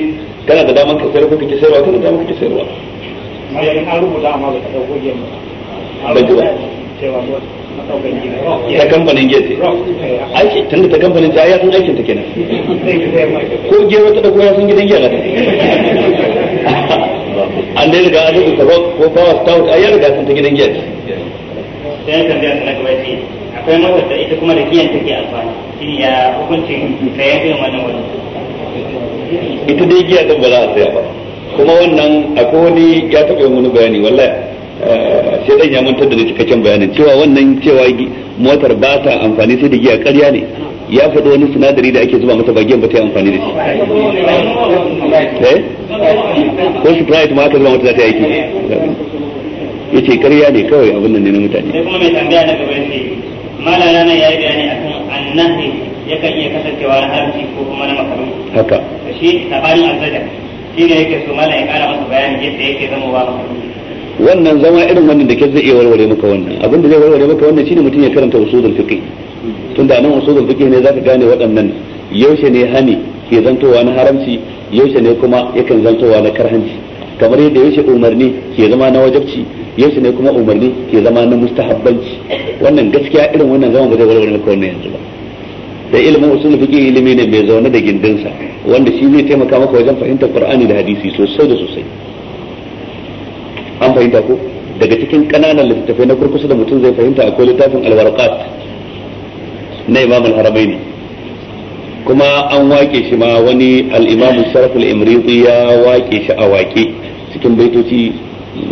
kana da daman ka sayar ko sayarwa kana da daman kake sayarwa malamin an rubuta amma ba ta dauko giya ba ba ji ta kamfanin giya aiki tunda ta kamfanin ta ya aikin ta kenan ko giya wata dauko ya san gidan giya ta an dai riga an rubuta rock ko power stout ai ya riga san ta gidan giya sai ya tambaya kana kamar akwai motar da ita kuma da giyan take amfani shi ya hukuncin kayan irin wannan wani ita dai giya din ba za a saya ba kuma wannan akwai wani ya taɓa yin wani bayani wallahi eh, sai dan ya mantar da cikakken bayanin cewa wannan cewa motar ba ta amfani sai da giya ƙarya ne ya faɗi wani sinadari da ake zuba mata bagiyan ba ta yi amfani da shi eh ko sprite ma aka zuba mata za ta yi aiki yace ƙarya ne kawai abin nan ne na mutane sai kuma mai tambaya na gaba yace malala na yayi bayani akan annahi yakan iya kasancewa na haramci ko kuma na makaru haka to shi sabanin azzada shi ne yake so mallan ya kara masa bayani yadda yake zama wa wannan zama irin wannan da ke zai iya warware maka wannan abinda zai warware maka wannan shine mutum ya karanta usulul fiqh tunda nan usulul fiqh ne zaka gane waɗannan yaushe ne hani ke zantowa na haramci yaushe ne kuma yakan zantowa na karhanci kamar yadda yaushe umarni ke zama na wajabci yaushe ne kuma umarni ke zama na mustahabbanci wannan gaskiya irin wannan zama ba zai warware maka wannan yanzu ba da ilimin usul fiqh ilimi ne mai zaune da gindinsa wanda shi zai taimaka maka wajen fahimtar qur'ani da hadisi sosai da sosai an fahimta ko daga cikin ƙananan littattafai na kurkusa da mutum zai fahimta akwai littafin alwarqat na imam al ne kuma an wake shi ma wani al-imam sarf al-imriti ya wake shi a wake cikin baitoci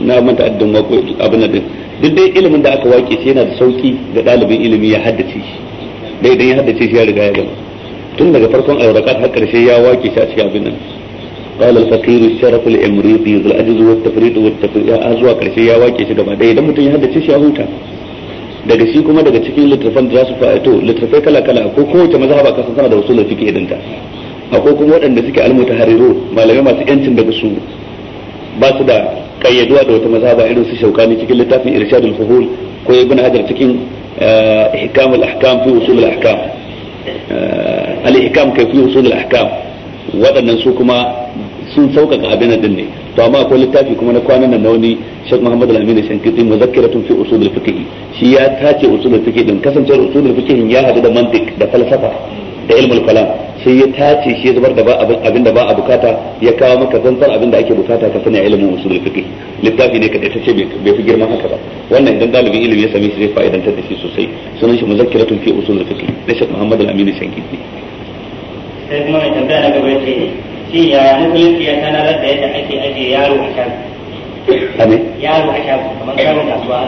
na manta addin abin da duk dai ilimin da aka wake shi yana da sauki ga dalibin ilimi ya haddace shi dai idan ya haddace shi ya riga ya gama tun daga farkon aurakat har karshe ya wake shi a cikin abin nan قال الفقير الشرف الامريطي ذو العجز والتفريط والتفريط ازوا karshe ya wake shi gaba dai dan mutun ya haddace shi ya huta daga shi kuma daga cikin litrafan da su fa'ito litrafai kala kala ko ko wace mazhaba kasan sana da usulul fiqh din ta akwai kuma waɗanda suke almutahariru malamai masu yancin daga su ba su da kayyaduwa da wata mazhaba irin su shaukani cikin littafin irshadul fuhul ko ibn hajar cikin إحكام الأحكام في وصول الأحكام الإحكام كيف في وصول الأحكام waɗannan su kuma sun sauƙaƙa abin din ne to amma akwai littafi kuma na kwanan nan na wani Sheikh Muhammad Al-Amin Shankiti muzakkiratun fi usul al-fiqh shi ya tace usul al-fiqh din kasancewar usul al-fiqh ya hadu da mantiq da falsafa da ilmul kalam sai ya tace shi ya zubar da abin da ba a bukata ya kawo maka zantar abin da ake bukata ka sani a ilimin usul fiqh littafi ne kadai ta ce bai fi girman haka ba wannan idan dalibin ilimi ya same shi zai fa'idantar da shi sosai sunan shi muzakkiratun fi usul fiqh da Sheikh Muhammad Al-Amin Shankiti sai kuma mai tambaya na gaba ce shi ya musulunci ya sanar da yadda ake ajiye yaro a shago Ame? Yaro a shago kamar yaro kasuwa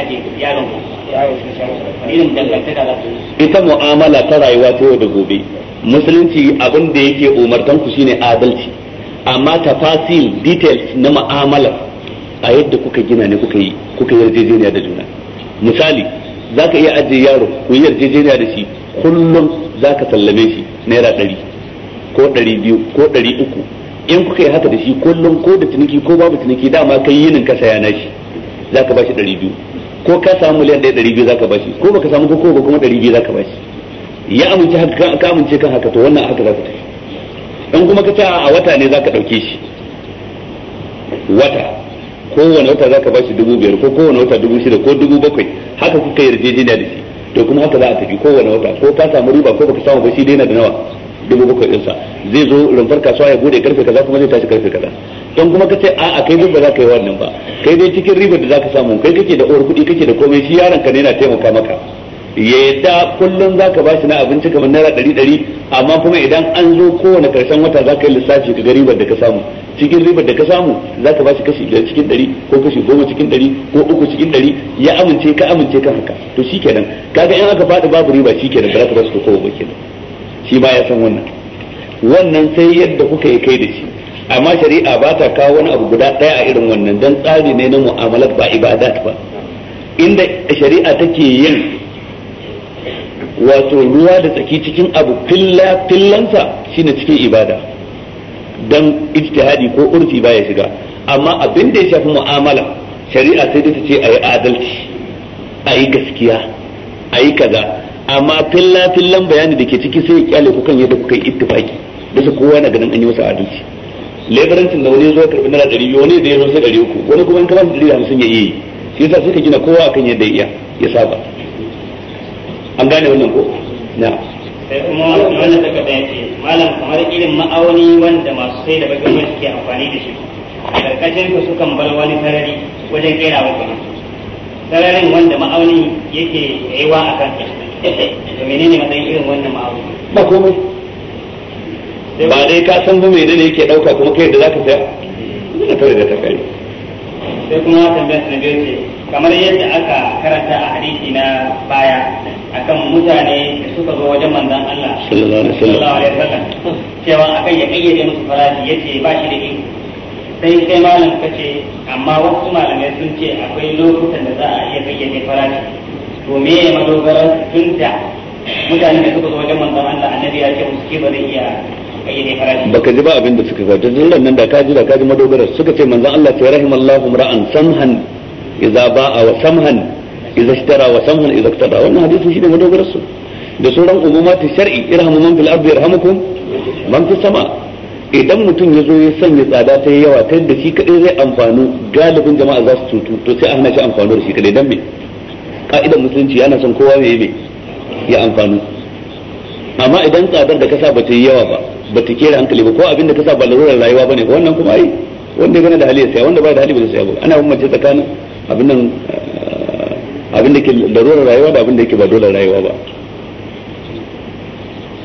aje yaro yaro a shago irin dangantaka da su ita mu'amala ta rayuwa ta yau da gobe musulunci abin da yake umartan ku shine adalci amma tafasil details na mu'amala a yadda kuka gina ne kuka yi kuka yarjejeniya da juna misali zaka iya ajiye yaro ku yi yarjejeniya da shi kullum zaka sallame shi naira ɗari ko ɗari biyu ko ɗari uku in kuka yi haka da shi kullum ko da ciniki ko babu ciniki dama kai yinin ka saya na shi zaka ba shi ɗari biyu ko ka samu miliyan ɗaya ɗari biyu zaka ba shi ko baka samu ko ba kuma ɗari biyu zaka ba shi ya amince ka amince kan haka to wannan haka za ka tafi in kuma ka ce a wata ne za ka ɗauke shi wata kowane wata za ka ba shi dubu biyar ko kowane wata dubu shida ko dubu bakwai haka kuka yarjejeniya da shi to kuma haka za a tafi kowane wata ko ka samu riba ko baka samu ba shi daina da nawa dubu bakwai ɗinsa zai zo rumfar kasuwa ya bude karfe kaza kuma zai tashi karfe kaza don kuma ka ce a a kai ba za ka yi wannan ba kai dai cikin ribar da za ka samu kai kake da uwar kuɗi kake da komai shi yaron ka ne yana taimaka maka ya yadda kullum za ka bashi na abinci kamar naira ɗari ɗari amma kuma idan an zo kowane ƙarshen wata za ka yi lissafi ka ga ribar da ka samu cikin ribar da ka samu za ka bashi kashi biyar cikin ɗari ko kashi goma cikin ɗari ko uku cikin ɗari ya amince ka amince ka haka to shi kenan kaga in aka faɗi babu riba shi kenan ba za ka basu kowa ba shi ba ya san wannan wannan sai yadda kuka yi kai da shi amma shari'a ba ta kawo wani abu guda ɗaya a irin wannan don tsari ne na mu'amalar ba ibadat ba inda shari'a take yin wato ruwa da tsaki cikin abu filla fillansa shine cikin ibada dan ijtihadi ko urfi baya shiga amma abin da ya shafi mu'amala shari'a sai ta ce a yi adalci a yi gaskiya a yi kaza amma filla fillan bayani da ke ciki sai ya kyale ku kan yadda kuka yi ittifaki da su kowa na ganin an yi masa adalci lebarancin da wani zo karbi naira ɗari biyu wani da ya zo sai ɗari uku wani kuma in ka da ɗari hamsin ya iya yi shi yasa sai ka gina kowa akan yadda ya iya ya saba an gane wannan ko na sai eh, kuma wannan daga da yake malam kamar irin ma'auni wanda masu sai da bakin wani suke amfani da shi karkashin ka sukan bar wani sarari wajen kera wa kuma sararin wanda ma'auni yake yayiwa a kan da menene matsayin irin wannan ma'auni ba komai ba dai ka san ba menene yake dauka kuma kai da zaka saya ina tare da takari sai kuma tambayar sanabiyar ce kamar yadda aka karanta a hadisi na baya akan mutane da suka zo wajen manzon Allah sallallahu alaihi wasallam cewa akan ya kayyade musu farashi yace ba shi da iko sai sai malam kace amma wasu malamai sun ce akwai lokutan da za a iya kayyade farashi to me ya madogara tun da mutane da suka zo wajen manzon Allah annabi ya ce musu ke ba zai iya baka ji ba abin da suka gaji nan da ka ji da ka ji madogarar suka ce manzon Allah ta rahimallahu ra'an samhan idza ba'a wa samhan idza ishtara wa samhan idza iktada wannan hadisin shi ne madogarar su da sauran umumatin shar'i irhamu man fil ardi yarhamukum man fis sama idan mutum ya zo ya sanya tsada ta yawa ta yadda shi kadai zai amfanu galibin jama'a za su tutu to sai a hana shi amfanu da shi kadai dan me ka'idan musulunci yana son kowa ya yi ya amfanu amma idan tsadar da ka kasa bata yi yawa ba ba ta kera hankali ba ko abin da ka sa ba larurar rayuwa bane ba wannan kuma ai wanda ya gana da hali ya saya wanda ba da hali ba zai saya ba ana mace tsakanin abin nan eh, abin da ke larurar rayuwa da abin da yake ba dole rayuwa ba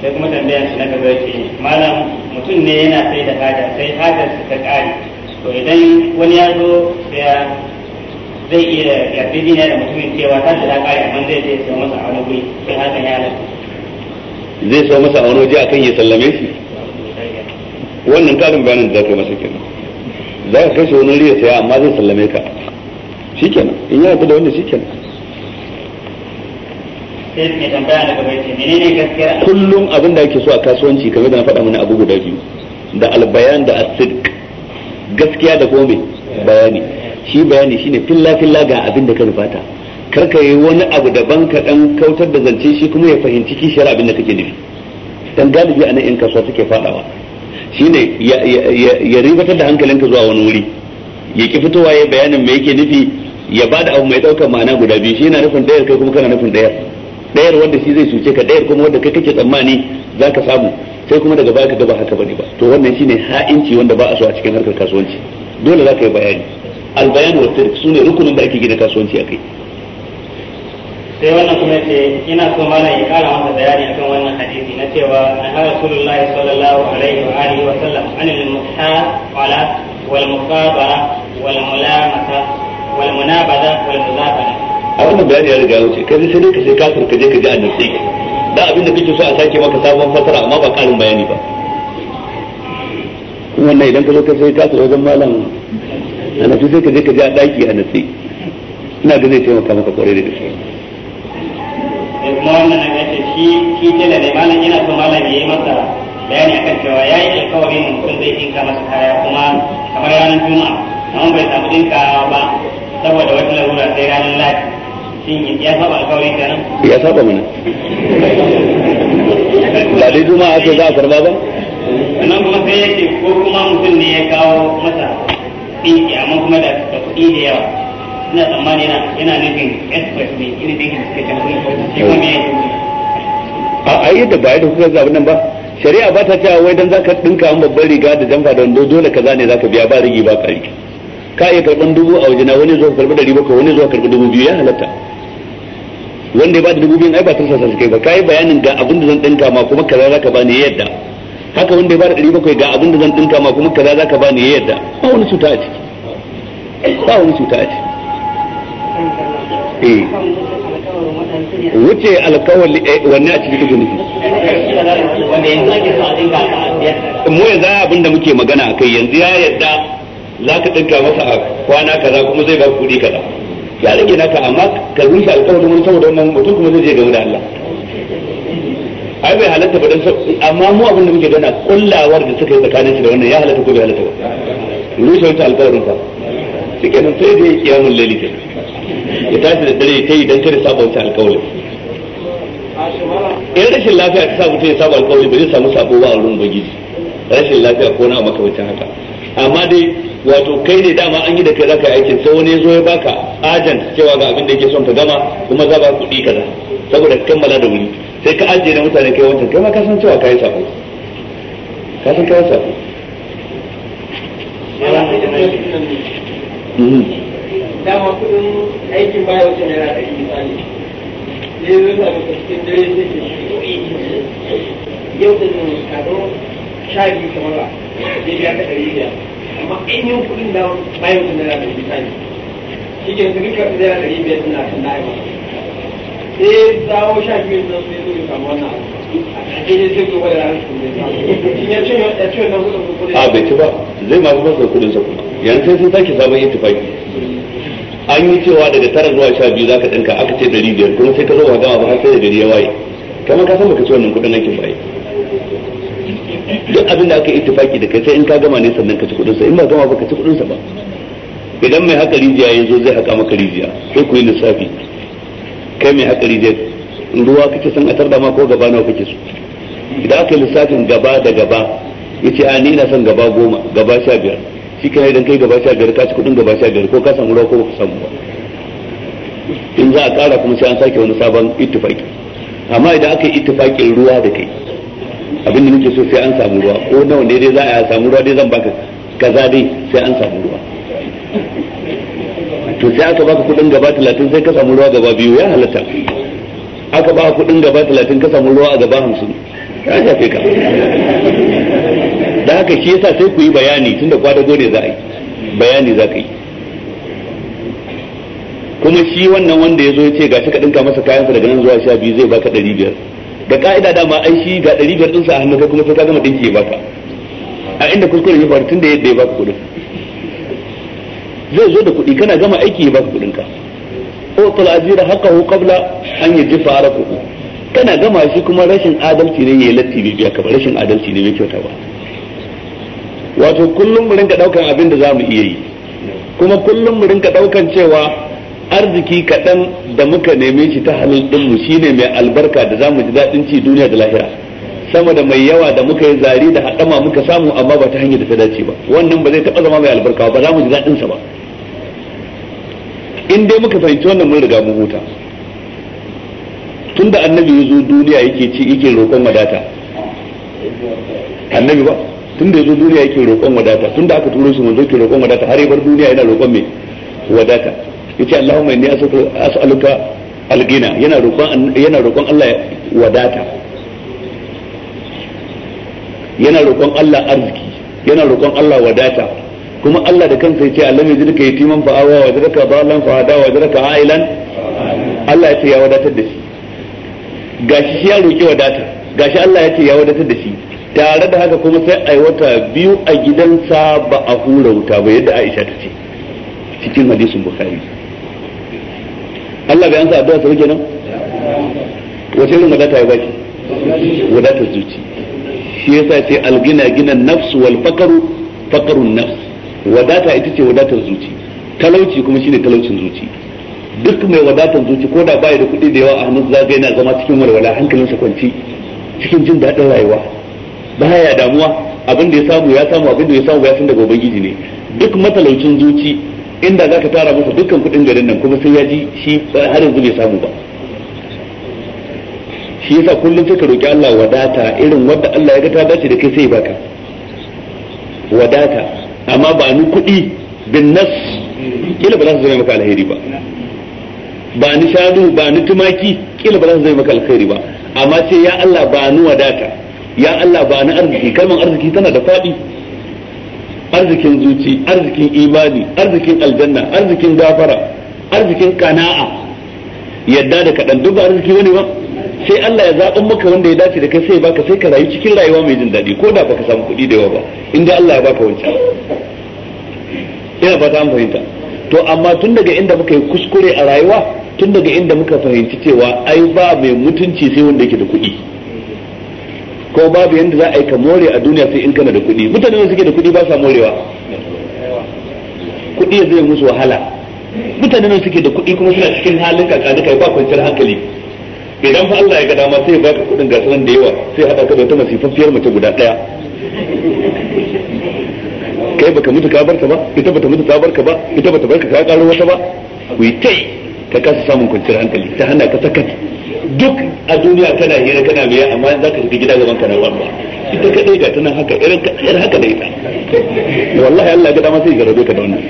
sai kuma tambaya shi na gaba ce malam mutum ne yana sai da haja sai hajar ta kare to idan wani ya zo ya zai iya yarda dina da mutumin cewa ta da kare amma zai je sai masa a wani guri sai haka ya halatta zai so masa wani waje akan ya sallame shi wannan karin bayanin da za ka yi masa kenan za ka kashe wani riya saya amma zai sallame ka shikenan in yana da wannan shikenan kullum abin da ake so a kasuwanci kamar da na faɗa mana abu guda biyu da albayan da asidq gaskiya da kome bayani shi bayani shine filla filla ga abin da ka nufata kar ka yi wani abu daban ka dan kautar da zance shi kuma ya fahimci kishiyar abin da kake nufi dan galibi nan yan kasuwa suke fadawa shine ya ribatar da hankalinka zuwa wani wuri ya ki fitowa ya bayanin me yake nufi ya ba da abu mai daukar ma'ana guda biyu shi yana nufin dayar kai kuma kana nufin dayar dayar wanda shi zai suce ka dayar kuma wanda kai kake tsammani za ka samu sai kuma daga baya ka gaba haka bane ba to wannan shine ha'inci wanda ba a so a cikin harkar kasuwanci dole ka yi bayani albayan wa sirk ne rukunin da ake gina kasuwanci akai sai wannan kuma ce ina so malam ya kara masa bayani akan wannan hadisi na cewa na rasulullahi sallallahu alaihi wa alihi wa sallam anil muhta wala والمصابرة والملامسة والمنابذة والمزابنة a wannan bayani ya riga ya wuce kai sai dai ka sai ka je ka ji da abin da kake so a sake maka sabon fasara amma ba karin bayani ba wannan idan ka zo ka sai kafir wajen malam annabi sai ka je ka ji a daki nasi. ina ga zai taimaka maka kwarai da gaske kuma wannan na gace shi shi ne malam so malam ya masa bayani akan cewa yayi alƙawarin mutum zai masa kuma kamar ranar juma'a amma bai samu dinkawa ba saboda wata larura sai ranar lati shin ya saba alkawari kenan ya saba mana ba dai juma'a ake za a karba ba sannan kuma sai yake ko kuma mutum ne ya kawo masa dinki amma kuma da kuɗi da yawa ina tsammani yana nufin express ne irin dinki da suke kan kuma ne a ayyar da ba da kuka zaɓi nan ba shari'a ba ta cewa wai dan zaka dinka an babban riga da jamfa da wando dole kaza ne zaka biya ba rigi ba kari ka iya karban dubu a wajena wani zuwa karbi dari bakwai wani zuwa karbi dubu biyu ya halatta wanda ya bada dubu biyu ai ba tursa sa kai ba yi bayanin ga abin da zan dinka ma kuma kaza zaka bani yadda haka wanda ya bada dari bakwai ga abin da zan dinka ma kuma kaza zaka bani yadda ba wani cuta a ciki ba wani cuta a ciki eh wuce alkawali eh, wanne a cikin dubu ne mu yanzu abin da muke magana a kai yanzu ya yadda za ka ɗinka masa a kwana kaza kuma zai ba kuɗi kaza ya rage naka amma ka rushe alkawali wani saboda wannan mutum kuma zai je ga Allah ai bai halatta ba dan amma mu abin da muke gana kullawar da suka yi tsakanin shi da wannan ya halatta ko bai halatta ba rushe wata alkawarin fa shi kenan sai dai kiyamun lalita ya tashi da dare ta yi dan kada saba wancan alkawali in rashin lafiya ta sa mutum ya saba alkawali ba zai samu sabo ba a wurin ubangiji rashin lafiya ko na maka makamancin haka amma dai wato kai ne dama an yi da kai zaka yi aikin sai wani ya zo ya baka ajan cewa ga abin da yake son ka gama kuma za ba kuɗi kaza saboda ka kammala da wuri sai ka ajiye da mutane kai wancan kai ma ka san cewa kai sabo ka san kai sabo dama kudin aikin baya wuce naira misali zai sa cikin dare yau da zai kado sha biyu kamar ba zai biya ka ɗari amma ainihin kudin da baya wuce naira misali shi ke ɗari biyar suna sai zawo sha biyu zai samu wannan a bai ci ba zai ma fi masa kudin sa kuma yanzu sai sun sake sabon yin tufafi an yi cewa daga tara zuwa sha biyu za ka ɗinka aka ce ɗari biyar kuma sai ka zo ba ba sai da gari ya waye kamar ka san baka ci wannan kuɗin aikin baye duk abin da aka yi ittifaki da kai sai in ka gama ne sannan ka ci kuɗin sa in ba gama ba ka ci kuɗin sa ba idan mai haka rijiya ya zo zai haka maka rijiya sai ku yi lissafi kai mai haka rijiya ruwa kake son a tarda ma ko gaba nawa kake so idan aka yi lissafin gaba da gaba yace a ni ina son gaba goma gaba sha biyar shi kana idan kai gaba sha biyar ka ci kudin gaba sha biyar ko ka samu ruwa ko ka samu ba in za a kara kuma sai an sake wani sabon ittifaki amma idan aka yi ittifakin ruwa da kai abin da nake so sai an samu ruwa ko nawa ne dai za a samu ruwa dai zan baka kaza dai sai an samu ruwa to sai aka baka kudin gaba talatin sai ka samu ruwa gaba biyu ya halatta aka baka kudin gaba talatin ka samu ruwa a gaba hamsin ya shafe ka da haka shi yasa sai ku yi bayani tunda kwadago gode za a yi bayani za ka yi kuma shi wannan wanda ya zo ya ce ga ka dinka masa kayansa daga nan zuwa sha biyu zai baka ɗari biyar da ka'ida dama ai shi ga ɗari biyar ɗinsa a hannu kai kuma sai ka gama ɗinki ya baka a inda kuskure ya faru tunda yadda ya baka kuɗin zai zo da kuɗi kana gama aiki ya baka kuɗin ka talazira haka ko kabla an yajifa arakuhu kana gama shi kuma rashin adalci ne ya latti bai biya ka rashin adalci ne bai kyauta ba wato kullum mu rinka daukan abin da zamu iya yi kuma kullum mu rinka daukan cewa arziki kaɗan da muka neme shi ta halin ɗinmu shine mai albarka da zamu ji daɗin ci duniya da lahira sama da mai yawa da muka yi zari da haɗama muka samu amma ba ta hanyar da ta dace ba wannan ba zai taɓa zama mai albarka ba za mu ji daɗinsa ba in dai muka fahimci wannan mun riga mu huta tunda annabi ya zo duniya yake ci yake roƙon wadata annabi ba tun da yazo duniya yake roƙon wadata tun da aka turo shi manzo yake roƙon wadata har bar duniya yana roƙon me wadata yace Allahumma inni as'aluka alghina yana roƙon yana roƙon Allah wadata yana roƙon Allah arziki yana roƙon Allah wadata kuma Allah da kansa yace Allah mai zirka yatiman fa'awa wa zirka balan fa wa wadaka ailan Allah ya ya wadatar da shi gashi shi ya roƙi wadata gashi Allah ya ya wadatar da shi tare da haka kuma sai a yi wata biyu a gidansa ba a hura wuta ba yadda Aisha ta ce cikin hadisin Bukhari Allah bai ansa addu'a sai kenan wace irin wadata ya baki wadatar zuci shi yasa ce algina gina nafsu wal fakaru fakarun nafs wadata ita ce wadatar zuci talauci kuma shine talaucin zuci duk mai wadatar zuci ko da bai da kuɗi da yawa a hannun zagaye na zama cikin walwala hankalinsa kwanci cikin jin daɗin rayuwa baya damuwa abin da ya samu ya samu abin da ya samu ya san daga ubangiji ne duk matalaucin zuci inda zaka tara masa dukkan kuɗin garin nan kuma sai ya ji shi har yanzu bai samu ba shi yasa kullum sai ka roki Allah wadata irin wanda Allah ya ga ta dace da kai sai baka wadata amma ba ni kuɗi bin nas kila ba za su zama maka alheri ba ba ni shanu ba ni tumaki kila ba za su zama maka alheri ba amma sai ya Allah ba ni wadata ya Allah ba na arziki kalmar arziki tana da faɗi arzikin zuci arzikin imani arzikin aljanna arzikin gafara arzikin kana'a yadda da kaɗan duk ba arziki wani ba sai Allah ya zaɓi maka wanda ya dace da kai sai baka sai ka rayu cikin rayuwa mai jin daɗi ko da baka samu kuɗi da yawa ba inda Allah ya baka wancan ina fata an fahimta to amma tun daga inda muka yi kuskure a rayuwa tun daga inda muka fahimci cewa ai ba mai mutunci sai wanda yake da kuɗi ko babu yanda za a yi ka more a duniya sai in kana da kuɗi mutane da suke da kuɗi ba sa morewa kuɗi ya zai musu wahala mutane da suke da kuɗi kuma suna cikin halin kaka da kai ba kwanciyar hankali idan fa Allah ya ga dama sai ya baka kuɗin ga sanan da yawa sai hada ka da wata masifaffiyar mace guda ɗaya kai baka mutu ka barka ba ita bata mutu ta barka ba ita bata barka ka karo wata ba ku yi tai ka kasa samun kwanciyar hankali ta hana ka sakat duk a duniya kana hira kana biya amma za ka shiga gida gaban kana wanda ita kadai ga tunan haka irin haka da ita wallahi Allah ga dama sai garabe ka da wannan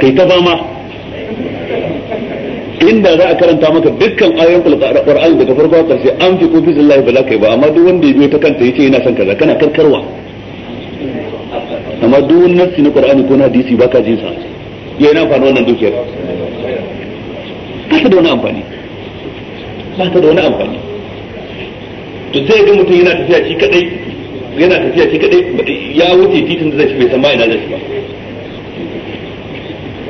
kai ta fama inda za a karanta maka dukkan ayoyin Qur'an daga farko karshe an fi kofi billahi ba za ka yi ba amma duk wanda ya biyo ta kanta yace yana son kaza kana karkarwa amma duk wani nassi na Qur'ani ko na hadisi baka jin sa yana fara wannan dukiyar ba ka da wani amfani ba ka da wani amfani to sai ga mutum yana tafiya shi kadai yana tafiya shi kadai ya wuce titin da zai bai san ma ina zai ba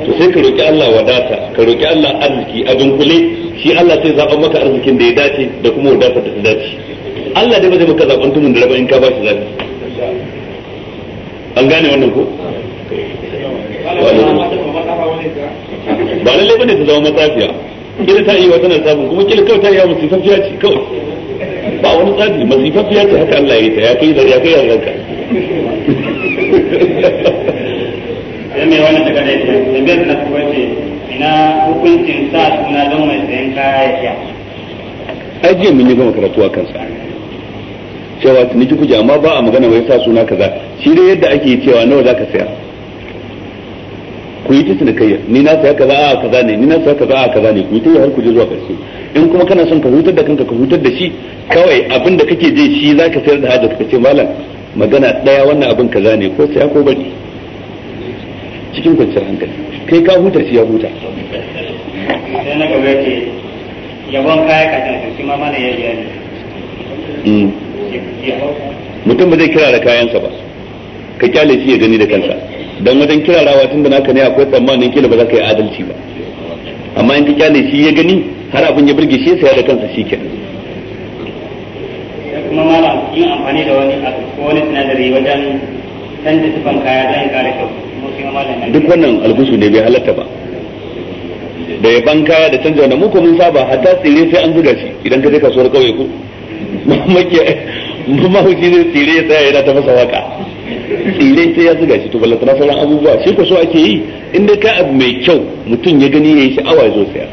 to sai ka roki Allah wadata ka roki Allah arziki a dunkule shi Allah sai zaɓa maka arzikin da ya dace da kuma wadatar da ta dace Allah dai ba zai maka zaɓan tumun da raba ka ba shi zaɓi an gane wannan ko ba lallai bane ta zama matsafiya kila ta iya tana samun kuma kila kawai ta iya masifafiya ce kawai ba wani tsari masifafiya ce haka Allah ya ta ya kai ya kai yardanka dan mai wannan daga dai tambayar na kuma ce ina hukuncin sa suna don mai sayan kaya ya ai jiya mun yi gama karatu a kansa cewa tuniki kuje amma ba a magana wai sa suna kaza shi dai yadda ake cewa nawa zaka saya ku yi ta cinikayya ni na saya kaza a kaza ne ni na saya kaza a kaza ne ku yi ta har ku je zuwa karshe in kuma kana son ka hutar da kanka ka hutar da shi kawai abin da kake je shi zaka sayar da hajar ka ce malam magana daya wannan abin kaza ne ko saya ko bari cikin kwanciyar hankali kai ka huta shi ya huta sai na gaba ce yabon kaya kafin shi ma mana ya ne mm. mutum ba zai kira da kayansa ba ka kyale shi ya gani da kansa dan wajen rawa tun da naka ne akwai tsammanin kila ba za ka yi adalci ba amma in ka kyale shi ya gani har abin ya burge shi sai da kansa shi kenan kuma mala yin amfani da wani wani sinadari wajen canza sifan kaya don ya kare kyau duk wannan albusu ne bai halatta ba da ya ban kaya da canza wannan muku mun saba hatta tsire sai an zuga shi idan ka je kasuwar kauye ku <laughs> mamaki mamaki zai tsire ya tsaya yana ta masa waka tsire sai ya zuga shi to tana sauran abubuwa shi ko so ake yi in dai ka abu mai kyau mutum ya gani yayi sha'awa ya zo saya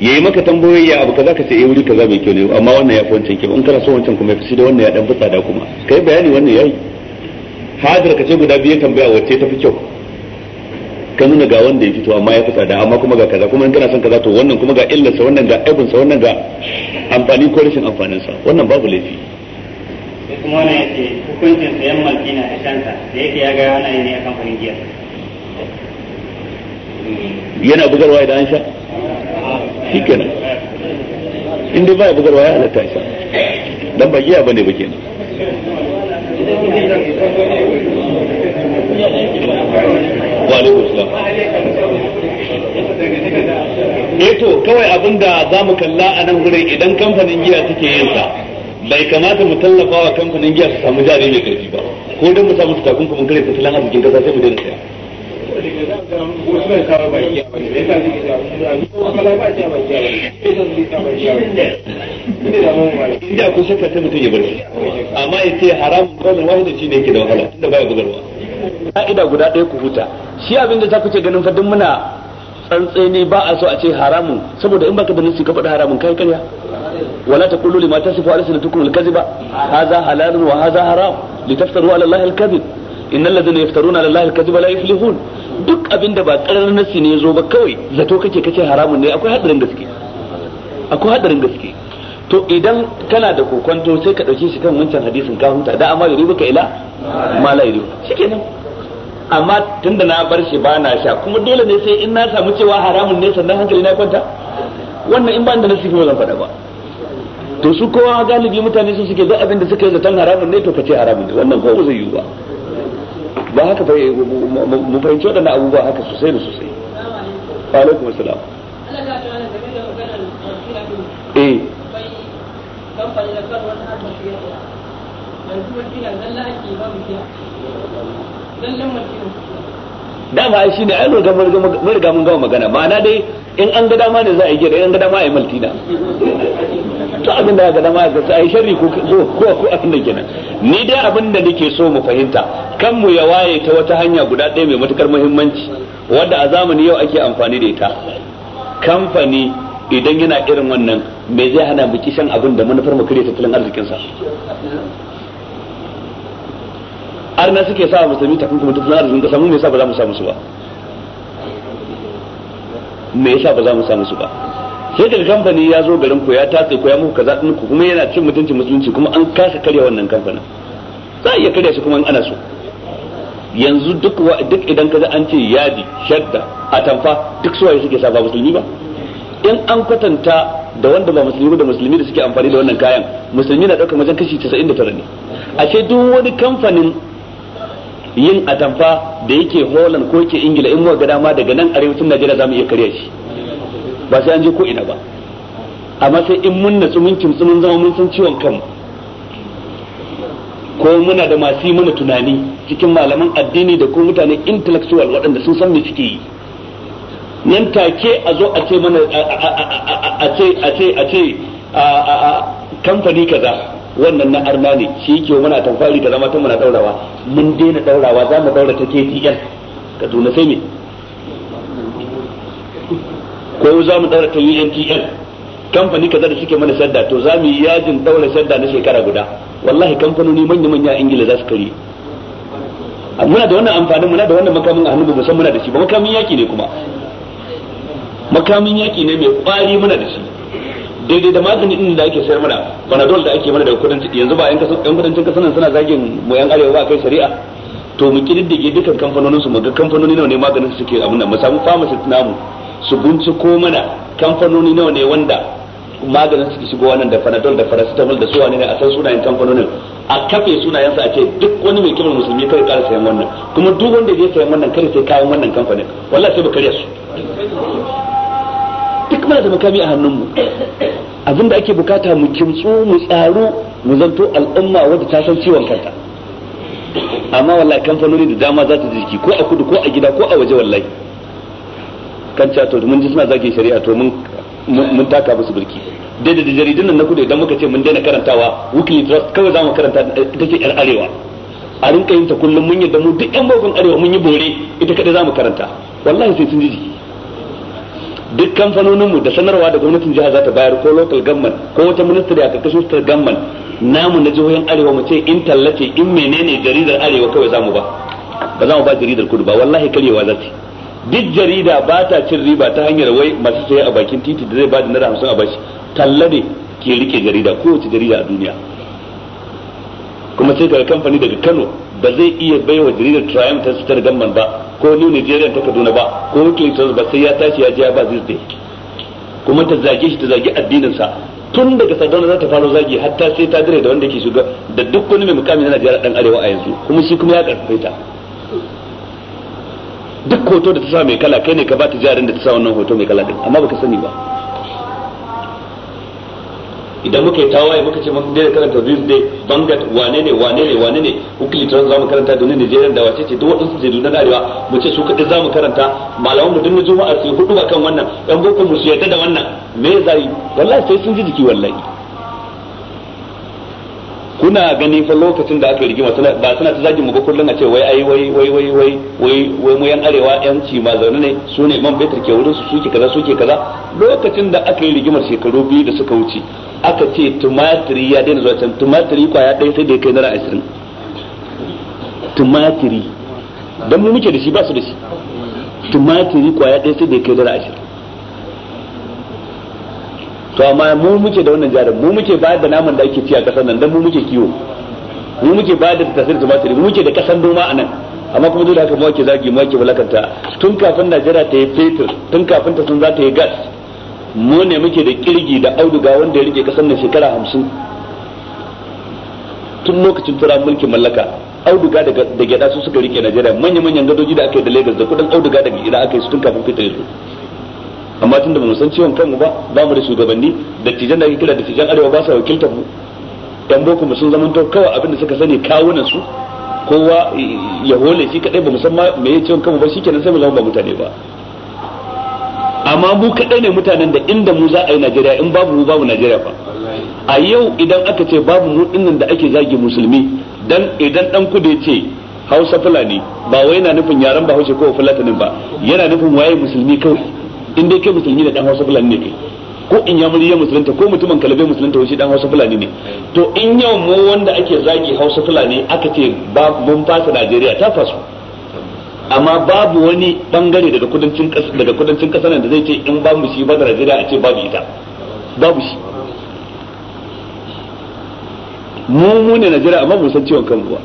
yayi maka tambayoyi ya abu kaza ka ce eh wuri kaza mai kyau ne amma wannan ya fi wancan kyau in kana so wancan kuma ya fi da wannan ya dan fitsada kuma kai bayani wannan yayi hadir ka ce guda biyu tambaya wacce ta fi kyau ka nuna ga wanda ya fito amma ya fitsa da amma kuma ga kaza kuma in kana son kaza to wannan kuma ga illarsa wannan ga aibinsa wannan ga amfani ko rashin amfaninsa wannan babu laifi sai kuma wani ya ce hukuncin sayan malki na da shanta da yake ya ga ana yi ne a kamfanin giya yana bugarwa idan an sha shi kenan in dai baya bugarwa ya halatta sha dan ba giya bane ba kenan wa alaikum salam eh to kawai abinda zamu kalla a nan wurin idan kamfanin giya suke yin sa bai kamata mu tallafa wa kamfanin giya su samu jari mai karfi ba ko don mu samu takunkumin kare tattalin arzikin kasa sai mu daina saya Ida kun shakka sai mutum ya bar shi amma ya ce haramun kawai wahida shi ne yake da wahala tunda baya bugarwa ka'ida guda ɗaya ku huta shi abin da ta kuce ganin fadin muna muna ne ba a so a ce haramun saboda in baka da nasi ka faɗi haramun kai karya ولا تقولوا لما تصف ألسنتكم الكذبة هذا حلال وهذا حرام لتفتروا على الله الكذب إن الذين يفترون على الله الكذب لا يفلحون duk abin da ba ƙarar nassi ne zo ba kawai zato kake kace haramun ne akwai hadarin gaske akwai hadarin gaske to idan kana da kokonto sai ka dauke shi kan wancan hadisin ka huta da amma yuri baka ila ma la yuri shikenan amma tunda na bar shi ba na sha kuma dole ne sai in na samu cewa haramun ne sannan hankali na kwanta wannan in ban da nasi ba zan faɗa ba to su kowa galibi mutane su suke duk abin da suka yi zaton haramun ne to ka ce haramun ne wannan kowa zai yiwu ba ba haka fa eh, mu fahimci waɗannan abubuwa haka sosai da sosai wa alaikum assalam eh dama ai shine ai riga mun riga mun gama magana ma'ana dai in an ga dama ne za a yi gida in an ga dama ai maltina to abin da ga dama ga ai sharri ko ko ko abin da kenan ni dai abin da nake so mu fahimta kan mu ya waye ta wata hanya guda ɗaya mai matukar muhimmanci wanda a zamani yau ake amfani da ita kamfani idan yana irin wannan me zai hana mu kishan abin da manufar mu kare tattalin arzikin sa arna suke sa musulmi takunkumi duk tafi arzikin kasa mu me yasa ba za mu sa musu ba me yasa ba za mu sa musu ba sai daga kamfani ya zo garin ku ya tatse ku ya muku kaza din ku kuma yana cin mutunci musulunci kuma an kasa karya wannan kamfanin za a iya karya shi kuma in ana so yanzu duk duk idan kaza an ce yadi shadda atamfa duk suwaye suke sa ba musulmi ba in an kwatanta da wanda ba musulmi da musulmi da suke amfani da wannan kayan musulmi na ɗaukar wajen kashi 99 ne a ce duk wani kamfanin yin atamfa da yake Holland ko yake Ingila in muka gada dama daga nan arewacin Najeriya za mu iya karya shi ba sai an je ko ina ba amma sai in mun natsu mun kimtsu mun zama mun san ciwon kanmu ko muna da masu yi mana tunani cikin malaman addini da ko mutane intellectual waɗanda sun san me suke yi nan take a zo a ce mana a ce a ce a ce kamfani kaza wannan na arna ne shi ke muna tamfari da zama tun muna daurawa mun daina daurawa za mu daura ta KTN Kaduna sai me ko za mu daura ta UNTL kamfani kaza da suke mana sadda. to za mu yi yajin daura sadda na shekara guda wallahi kamfanoni manya manya Ingila za su kare muna da wannan amfanin muna da wannan makamin a hannu ba san muna da shi ba makamin yaki ne kuma makamin yaki ne mai kwari muna da shi daidai da magani din da ake sayar mana panadol da ake mana da kudin yanzu ba yan kudancin kasan suna zagin mu yan arewa ba kai shari'a to mu kididdige dukkan kamfanonin su mu ga kamfanoni nawa ne maganin su suke abin nan mu samu pharmacist namu su binciko mana kamfanoni nawa ne wanda maganin suke shigo wannan da panadol da paracetamol da suwa ne a san sunayen kamfanonin a kafe su a ce duk wani mai kimar musulmi kai ka sayan wannan kuma duk wanda ya sayan wannan kai sai kayan wannan kamfanin wallahi sai ba karya su duk muna da makami a hannunmu da ake bukata mu kimtsu mu tsaro mu zanto al'umma wadda ta san ciwon kanta amma wallahi kamfanoni da dama za ta jiki ko a kudu ko a gida ko a waje wallahi kan cewa to mun ji suna zage shari'a to mun mun taka musu birki daidai da jaridun nan na kudu idan muka ce mun daina karantawa weekly trust kawai za mu karanta ita ce yar arewa a rinka yin ta kullum mun yadda mu duk yan bogon arewa mun yi bore ita kada za mu karanta wallahi sai sun ji jiki duk kamfanoninmu da sanarwa da gwamnatin jiha za ta bayar ko local government ko wata ministry a karkashin state government namu na jihohin arewa mu ce in tallace in menene jaridar arewa kawai zamu ba ba za mu ba jaridar kudu ba wallahi karyewa za ta duk jarida ba ta cin riba ta hanyar wai masu saye a bakin titi da zai ba da naira hamsin a bashi talla ne ke rike jarida kowace jarida a duniya kuma sai daga kamfani daga kano ba zai iya baiwa jaridar triumph ta sitar gamman ba ko new nigeria ta kaduna ba ko wikileaks ba sai ya tashi ya jiya ba zizde kuma ta zage shi ta zage addininsa tun daga sardauna za ta faro zagi hatta sai ta dire da wanda ke shiga da duk wani mai mukami na najeriya dan arewa a yanzu kuma shi kuma ya karfe ta duk hoto da ta sa mai kala kai ne ka ba ta jarin da ta sa wannan hoto mai kala din amma baka sani ba idan muka yi tawaye muka ce mun daina karanta zuwa Wednesday Vanguard wane ne wane ne wane ne Weekly Trust zamu karanta domin jeren da wace ce duk waɗansu jaridu na arewa mu ce su kaɗai zamu karanta malaman mu duk na juma'a su hudu kan wannan yan boko mu su yarda da wannan me za yi wallahi sai sun ji jiki wallahi kuna gani fa lokacin da aka rigima suna ba suna ta zagin mu ba kullun a ce wai ai wai wai wai wai wai wai mu yan arewa yanci ma zaune ne su ne man betar ke wurin su suke kaza suke kaza lokacin da aka yi rigimar shekaru biyu da suka wuce aka ce tumatiri ya daina zuwa can tumatiri kwaya ɗaya sai da ya kai naira ashirin tumatiri don mu muke da shi ba su da shi tumatiri kwaya ɗaya sai da ya kai naira ashirin to amma mu muke da wannan jarin mu muke ba da naman da ake ci a ƙasar nan don mu muke kiwo mu muke ba da tasirin tumatiri mu muke da ƙasar noma a nan amma kuma dole haka mu ake zagi mu ake tun kafin Najeriya ta yi fetur tun kafin ta sun za ta yi gas mu ne muke da kirgi da auduga wanda ya rike kasar na shekara hamsin tun lokacin tura mulkin mallaka auduga da gyada su suka rike najeriya manya-manyan gadoji da aka yi da lagos da kudin auduga daga gida aka yi su tun kafin fitar su amma tun da mu san ciwon kanmu ba ba mu da shugabanni da tijan da ake kira da tijan arewa ba sa wakiltar mu yan boko mu sun to kawai abin da suka sani kawunan su kowa ya hole shi kadai ba mu san me ciwon kanmu ba shikenan sai mu zama ba mutane ba amma mu kadai ne mutanen da inda mu za a yi Najeriya in babu mu babu Najeriya fa a yau idan aka ce babu mu dinnan da ake zagi musulmi dan idan dan kudu ya ce Hausa Fulani ba wai yana nufin yaren Bahaushe ko Fulatanin ba yana nufin waye musulmi kawai in dai kai musulmi da dan Hausa Fulani ne kai ko in ya muriya musulunta ko mutumin kalabe musulunta wai shi dan Hausa Fulani ne to in yau mu wanda ake zagi Hausa Fulani aka ce ba mun fasa Najeriya ta fasu amma babu wani bangare daga kudancin daga kudancin kasar da zai ce in ba mu shi ba da rajira a ce babu ita babu shi mu mu ne najira amma mu san ciwon kanmu ba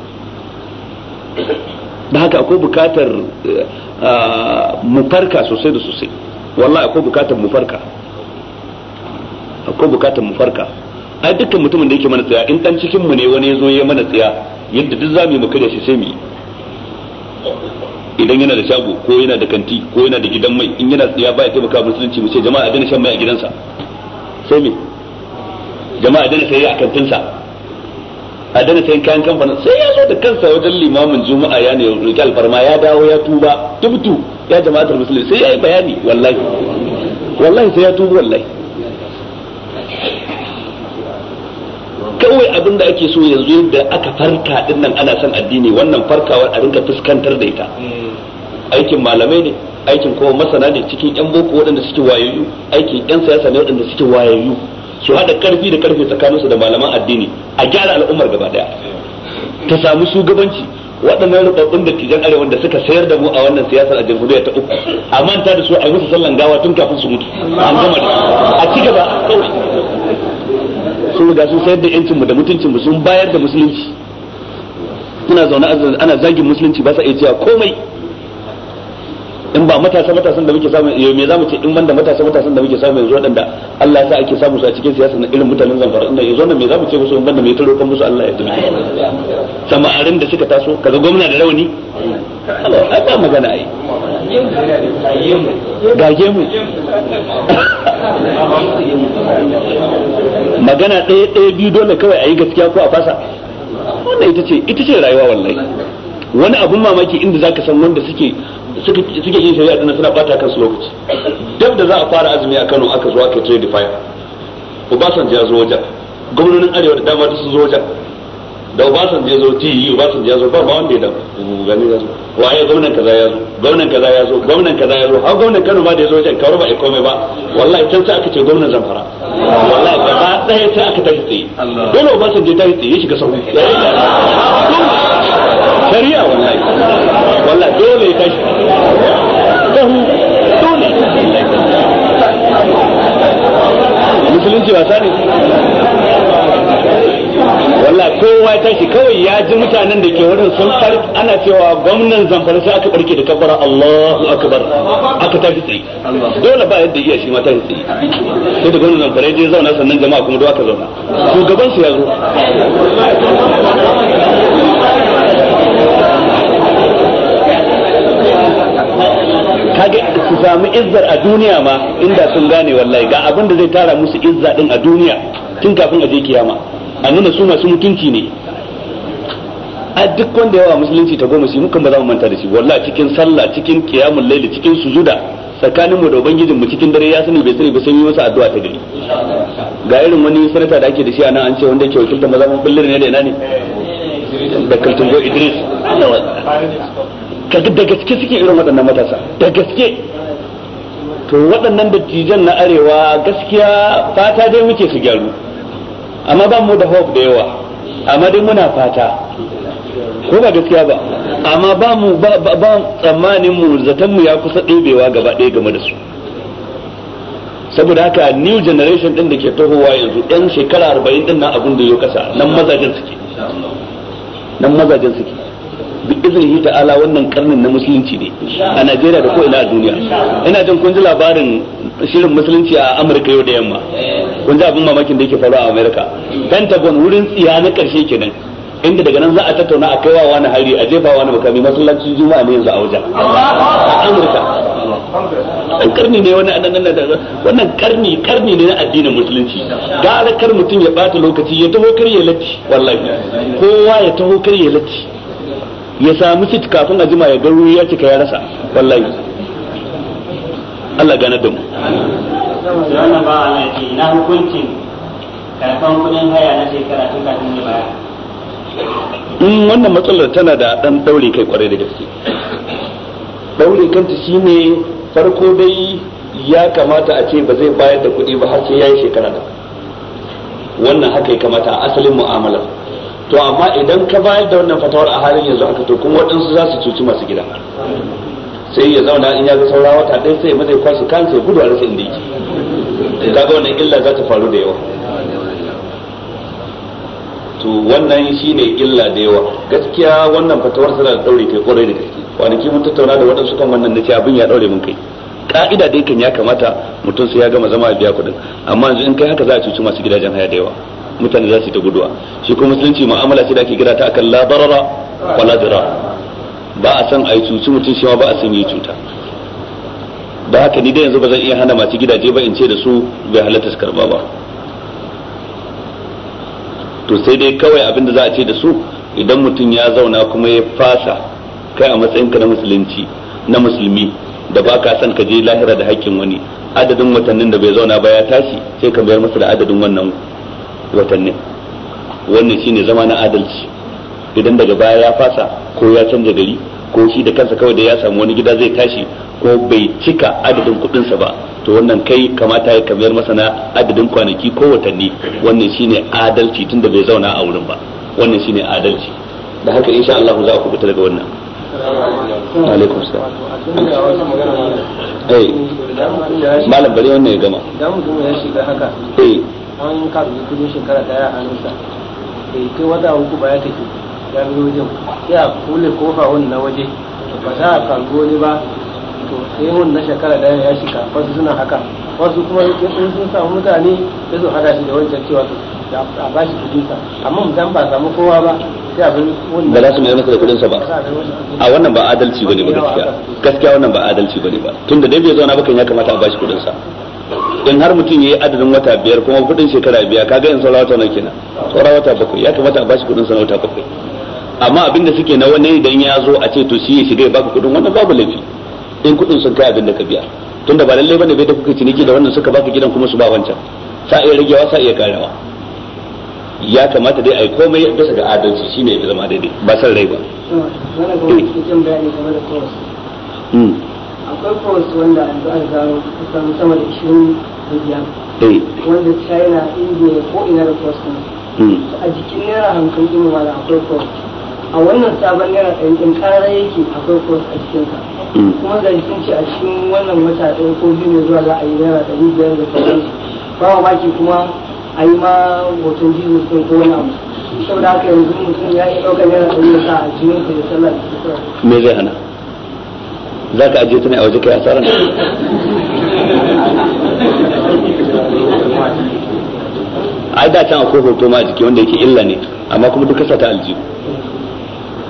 da haka akwai bukatar eh, ah, mu farka sosai da sosai wallahi akwai bukatar mu farka akwai bukatar mu farka ai dukkan mutumin da yake mana tsaya in dan cikin mu ne wani ya zo ya mana tsaya yadda duk zamu yi mu kare shi sai mu yi idan yana da shago ko yana da kanti ko yana da gidan mai in yana ya baya taimaka musulunci mu ce jama'a a dana shan mai a gidansa sai me jama'a a dana sai a kantinsa a dana sai kayan kamfanin sai ya zo da kansa wajen limamin juma'a ya ne rike alfarma ya dawo ya tuba tubtu ya jama'atar musulunci sai ya yi bayani wallahi wallahi sai ya tuba wallahi kawai abin da ake so yanzu da aka farka din nan ana son addini wannan farkawar a rinka fuskantar da ita aikin malamai ne aikin kuma masana ne cikin yan boko waɗanda suke wayoyi aikin yan siyasa ne waɗanda suke wayoyi su haɗa karfi da karfe tsakaninsu da malaman addini a gyara al'ummar gaba daya ta samu shugabanci waɗannan rubabbun da tijan arewa da suka sayar da mu a wannan siyasar a jamhuriyar ta uku a manta da su a yi musu sallan gawa tun kafin su mutu A gama da a ci gaba sun riga sun sayar da yancin mu da mutuncin mu sun bayar da musulunci ana zaune ana zagin musulunci ba sa iya cewa komai in ba matasa matasan da muke samu me zamu ce in banda matasa matasan da muke samu yanzu waɗanda Allah ya sa ake samu su a cikin siyasa na irin mutanen zamfara inda yanzu wannan me zamu ce musu in banda me taro kan musu Allah ya tuna samarin da suka taso kaga gwamna da rauni Allah ai ba magana ai gage mu magana ɗaya ɗaya biyu dole kawai a yi gaskiya ko a fasa wannan ita ce ita ce rayuwa wallahi wani abun mamaki inda zaka san wanda suke suke yin shari'a dinnan suna bata kansu lokaci dab da za a fara azumi a Kano aka zo aka trade fire Obasanjo ya zo wajen gwamnonin arewa da dama sun zo wajen da Obasanjo ya zo TU e Obasanjo ya zo ba ba wanda ya da gani ya zo waye gwamnan kaza ya zo gwamnan kaza ya zo gwamnan kaza ya zo har gwamnan Kano ma da ya zo wajen kawai ba ya komai ba wallahi can sai aka ce gwamnan Zamfara wallahi gaba daya sai aka tafi tsaye dole Obasanjo ya tashi tsaye ya shiga sauri <laughs> shari'a wallahi wallahi dole ya tashi tahu dole musulunci ba sani wallahi kowa ya tashi kawai ya ji mutanen da ke wurin sun far ana cewa gwamnan zamfara sai aka barke da kabbara Allahu akbar aka tafi tsaye dole ba yadda iya shi ma tafi tsaye sai da gwamnan zamfara ya je zauna sannan jama'a kuma da aka zauna shugaban su ya zo kage su samu izzar a duniya ma inda sun gane wallahi ga abin da zai tara musu izza din a duniya tun kafin a je kiyama a nuna su masu mutunci ne a duk wanda yawa musulunci ta goma shi mukan ba za mu manta da shi wallahi cikin sallah cikin kiyamul layli cikin sujuda tsakanin mu da ubangijin mu cikin dare ya sani bai sani ba sai yi masa addu'a ta gari ga irin wani sanata da ake da shi anan an ce wanda yake wakiltar mazamin bullir ne da ina ne da kaltungo Idris kaga da gaske suke irin waɗannan matasa da gaske to waɗannan dattijan na arewa gaskiya fata dai muke su gyaru amma ba mu da hope da yawa amma dai muna fata ko ba gaskiya ba amma ba mu ba tsammanin mu zaton mu ya kusa ɗebewa gaba ɗaya game da su saboda haka new generation din da ke tohowa yanzu yan shekara arba'in din nan abin da ya kasa nan mazajen suke nan mazajen suke bi iznihi ta'ala wannan karnin na musulunci ne a Najeriya da ko ina a duniya ina jin kun ji labarin shirin musulunci a Amurka yau da yamma kun ji abin mamakin da yake faruwa a Amurka Pentagon wurin tsiya na karshe kenan inda daga nan za a tattauna a kaiwa wani hari a jefa wani makami masallacin juma'a ne yanzu a wajen a Amurka an karni ne wani annan da wannan karni karni ne na addinin musulunci gara kar mutum ya bata lokaci ya taho kar ya latti wallahi kowa ya taho kar ya latti ya samu sit kafin a jima ya garu ya cika ya rasa wallahi Allah gane da mu wannan ba Allah ya na hukuncin karfan kudin haya na shekara tun kafin ya in mm, wannan matsalar tana da dan daure kai kwarai da gaske daure kanta shine farko dai ya kamata a ce ba zai bayar da kuɗi ba har sai yi shekara da wannan haka ya kamata a asalin mu'amalar to amma idan ka bayar da wannan fatawar a halin yanzu aka to kuma waɗansu za su cuci masu gida sai ya zauna in ya ga saura wata ɗaya sai maza ya kwashe kansa ya gudu a rasa inda yake da ga wannan illa za ta faru da yawa to wannan shi ne illa da yawa gaskiya wannan fatawar tana da ɗaure kai kwarai da gaske kwanaki mun tattauna da waɗansu kan wannan na ce, abin ya ɗaure mun kai ka'ida dai kan ya kamata mutum sai ya gama zama a biya kuɗin amma yanzu in kai haka za a cuci masu gidajen haya da yawa mutane za su ta guduwa shi kuma musulunci mu'amala ce da ake gida ta akan la darara wa la ba a san ai cuci mutum shi ma ba a san yi cuta da haka ni dai yanzu ba zan iya hana masu gidaje ba in ce da su bai halatta su karba ba to sai dai kawai abin da za a ce da su idan mutum ya zauna kuma ya fasa kai a matsayinka na musulunci na musulmi da ba ka san ka je lahira da haƙƙin wani adadin watannin da bai zauna ba ya tashi sai ka bayar masa da adadin wannan watannin wannan shine zama na adalci idan daga baya ya fasa ko ya canza gari ko shi da kansa kawai da ya samu wani gida zai tashi ko bai cika adadin kudinsa ba to wannan kai kamata ya kamar masa na adadin kwanaki ko watanni wannan shine adalci tunda bai zauna a wurin ba wannan shine adalci da haka insha Allah za ku fita daga wannan alaikum salam eh, malam bari wannan ya gama da ya shiga haka eh an karbi kudin shekara daya a hannunsa bai kai wata uku ba ya tafi ya biyo wajen sai a kule kofa wani na waje ba za a karbi wani ba to sai wani na shekara ɗaya ya shiga wasu suna haka wasu kuma in sun samu mutane sai su hada shi da wancan cewa a ba shi kudinsa amma mutum ba samu kowa ba ba za su mai masa da kudinsa ba a wannan ba adalci bane ba gaskiya gaskiya wannan ba adalci bane ba tunda dai bai zauna ba kan ya kamata a bashi kudinsa in har mutum yayi adadin wata biyar kuma kudin shekara biyar kaga in saura wata nawa kenan saura wata bakwai ya kamata a bashi kudin sana wata bakwai amma abinda suke na wani idan ya zo a ce to shi ya shiga ya baka kudin wannan babu laifi in kudin sun kai abin da ka biya tunda ba lallai bane bai da kuka ciniki da wannan suka baka gidan kuma su ba wancan sa iya ragewa sa iya karewa ya kamata dai a yi komai bisa ga adalci shine ya zama daidai ba san rai ba. akwai kowace wanda yanzu an gano kusan sama da ishirin da biyar eh. wanda china india ko ina da kwasan hmm. a jikin naira hankali ɗin ma da akwai kowace a wannan sabon naira ɗin ɗin ƙarar yake akwai kowace a cikinsa hmm. kuma da sun ce a cikin wannan wata ɗaya ko biyu ne zuwa za a yi naira ɗari biyar da sauransu ba wa baki kuma a yi ma hoton jesus ɗin ko wani abu saboda haka yanzu mutum ya yi ɗaukar naira ɗari da sa a jininsa da sallah da sauransu me zai hana za ka ajiye ta ne a waje kai asaran ai da can akwai hoto ma a jiki wanda yake illa ne amma kuma duka ta aljihu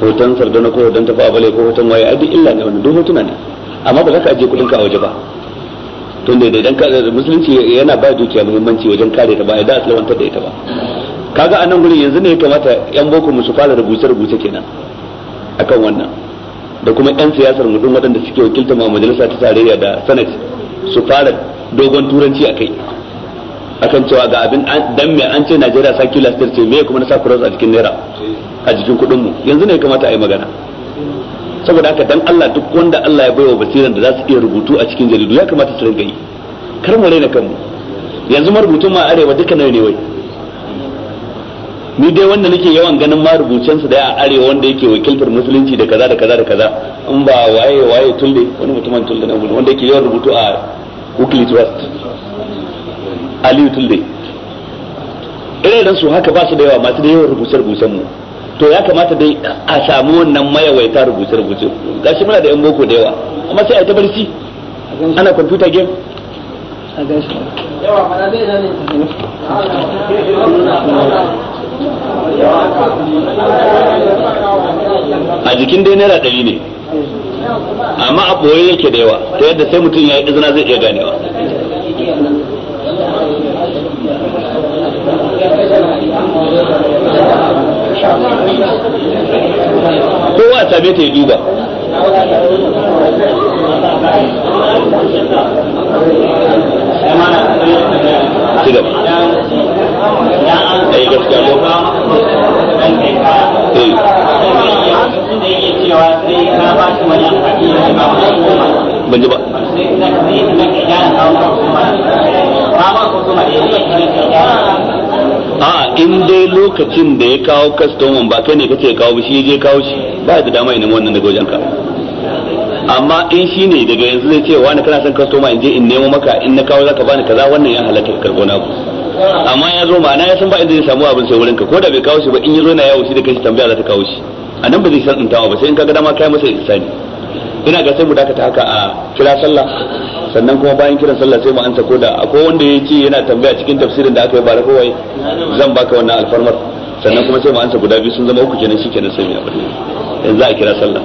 hoton sardana ko hoton tafa balai ko hoton waye ai duk illa ne wannan duk hotuna ne amma ba za ka ajiye kudinka a waje ba tunda idan ka musulunci yana ba dukiya muhimmanci wajen kare ta ba ai da asalwantar da ita ba kaga a nan gurin yanzu ne ya kamata yan boko mu su fara rubuce rubuce kenan akan wannan da kuma yan siyasar mutum waɗanda suke wakilta ma majalisa ta tarayya da senate su fara dogon turanci a kai akan cewa ga abin dan mai an ce Najeriya circular state ce me kuma na sa cross a cikin naira a jikin kuɗin mu yanzu ne kamata a yi magana saboda haka dan Allah duk wanda Allah ya baiwa basiran da za su iya rubutu a cikin jaridu ya kamata su rinka yi kar mu raina kanmu yanzu marubutun ma arewa duka nawa ne wai ni dai wanda nake yawan ganin ma rubucen su da a arewa wanda yake wakiltar musulunci da kaza da kaza da kaza in ba waye waye tulle wani mutumin tulle na gudu wanda yake yawan rubutu a Wikileaks Trust Aliyu Tulle irin su haka ba su da yawa masu da yawan rubuce rubucen mu to ya kamata dai a samu wannan mayawaita rubuce rubuce gashi muna da yan boko da yawa amma sai a ta barci ana computer game yawa mana zai ne a jikin dai naira ɗari ne amma a ɓoye yake da yawa ta yadda sai mutum ya yi izina zai iya ganewa kowa a same ta ya duba ci eh, eh. ba a in dai lokacin da ya kawo kastoman ba kai ne kace kawo shi je kawo shi ba da dama ina wannan daga ka. amma in shi ne daga yanzu zai ce wani kana son kastoma in je in nemo maka in na kawo zaka bani kaza wannan ya halatta ka karbo naku amma ya zo na ya san ba inda zai samu abin sai wurinka ko da bai kawo shi ba in ya zo na yawo shi da kanshi tambaya za ta kawo shi a nan ba zai san intawa ba sai in kaga dama kai masa isani ina ga sai mu dakata haka a kira sallah sannan kuma bayan kiran sallah sai mu ansa ko da akwai wanda ya ce yana tambaya cikin tafsirin da aka yi ba da kawai zan baka wannan alfarmar sannan kuma sai mu ansa guda biyu sun zama uku kenan shikenan sai mu yi yanzu a kira sallah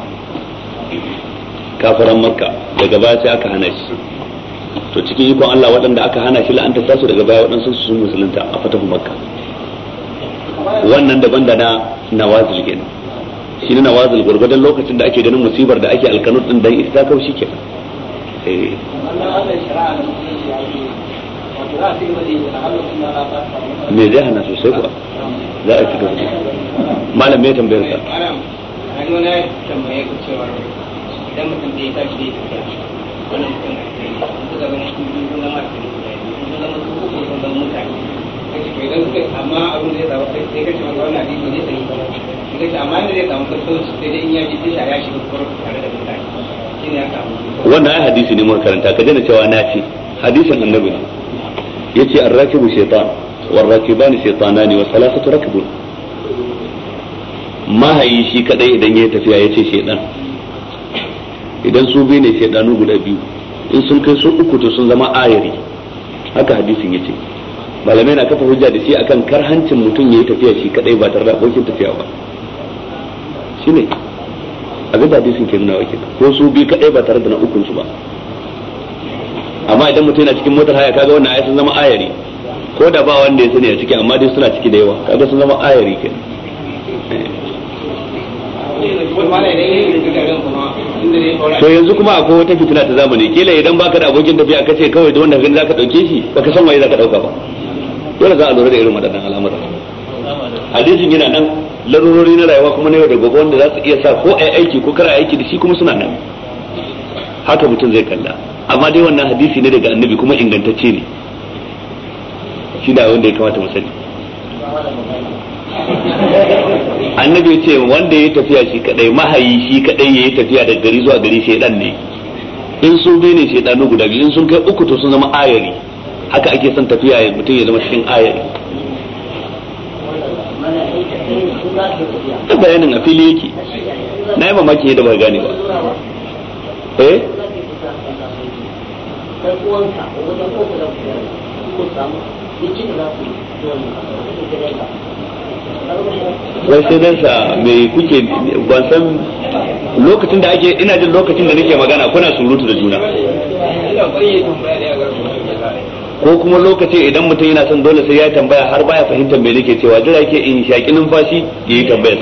kafiran makka daga baya sai aka hana shi to cikin ikon Allah waɗanda aka hana shi la'anta tasu daga baya waɗansu su musulunta a fatahu makka wannan daban da na nawazil kenan shi na nawazil gurgurdan lokacin da ake ganin musibar da ake alkanut din dan ita kaushi ke eh me zai hana sosai kuwa za a fito malam ya tambayar ka idan mutum bai tashi zai tafi shi wannan mutum ne su zama shi biyu sun zama su sun zama su uku sun zama mutane kace to idan suka amma abin zai zama kai sai kace wanda wannan hadisi ne sai kuma shi kace amma ne zai samu sassauci sai dai in ya ji tisha ya shiga kuma tare da mutane shine ya samu wannan ai hadisi ne muka karanta ka daina cewa na ce hadisin annabi ne yace ar-rakibu shaytan والراكبان شيطانان والثلاثة ركب ما هي شي كدai idan yayi tafiya yace shedan idan su bi ne danu guda biyu in sun kai su uku to sun zama ayari haka hadisin yace malamai na kafa hujja da shi akan karhancin mutum yayi tafiya shi kadai ba tare da abokin tafiya ba shine abin da hadisin ke nuna wakil ko su bi kadai ba tare da na ukun su ba amma idan mutum yana cikin motar haya kaga wannan ayi sun zama ayari ko da ba wanda ya sani a ciki amma dai suna ciki da yawa kaga sun zama ayari kenan to yanzu kuma akwai wata fitina ta zamani kila idan baka da abokin tafiya ka ce kawai da wanda gani zaka dauke shi baka san waye zaka dauka ba dole za a lura da irin waɗannan al'amura hadisin yana nan larurori na rayuwa kuma na yau da gobe wanda za su iya sa ko ai aiki ko kar aiki da shi kuma suna nan haka mutum zai kalla amma dai wannan hadisi ne daga annabi kuma ingantacce ne shi da wanda ya kamata mu sani annabi ce wanda ya tafiya shi kadai mahayi shi kadai ya yi tafiya daga gari zuwa gari shaidan ne in sun bai ne shaidanu guda biyu in sun kai uku to sun zama ayari haka ake son tafiya ya mutum ya zama cikin ayari ta bayanin a fili yake na yi mamaki da ba gane ba eh wajen ko da ku samu wai sai dan sa me kuke ban san lokacin da ake ina jin lokacin da nake magana kuna surutu da juna ko kuma lokaci idan mutum yana son dole sai ya tambaya har baya fahimtar me nake cewa jira yake in shaki numfashi ya yi tambayar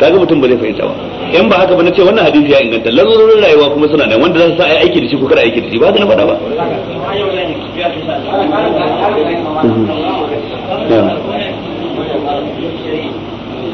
kaga mutum ba zai fahimta ba in ba haka ba nace wannan hadisi ya inganta lalurorin rayuwa kuma suna nan wanda za su sa ai aiki da shi ko kada aiki da shi ba haka na faɗa ba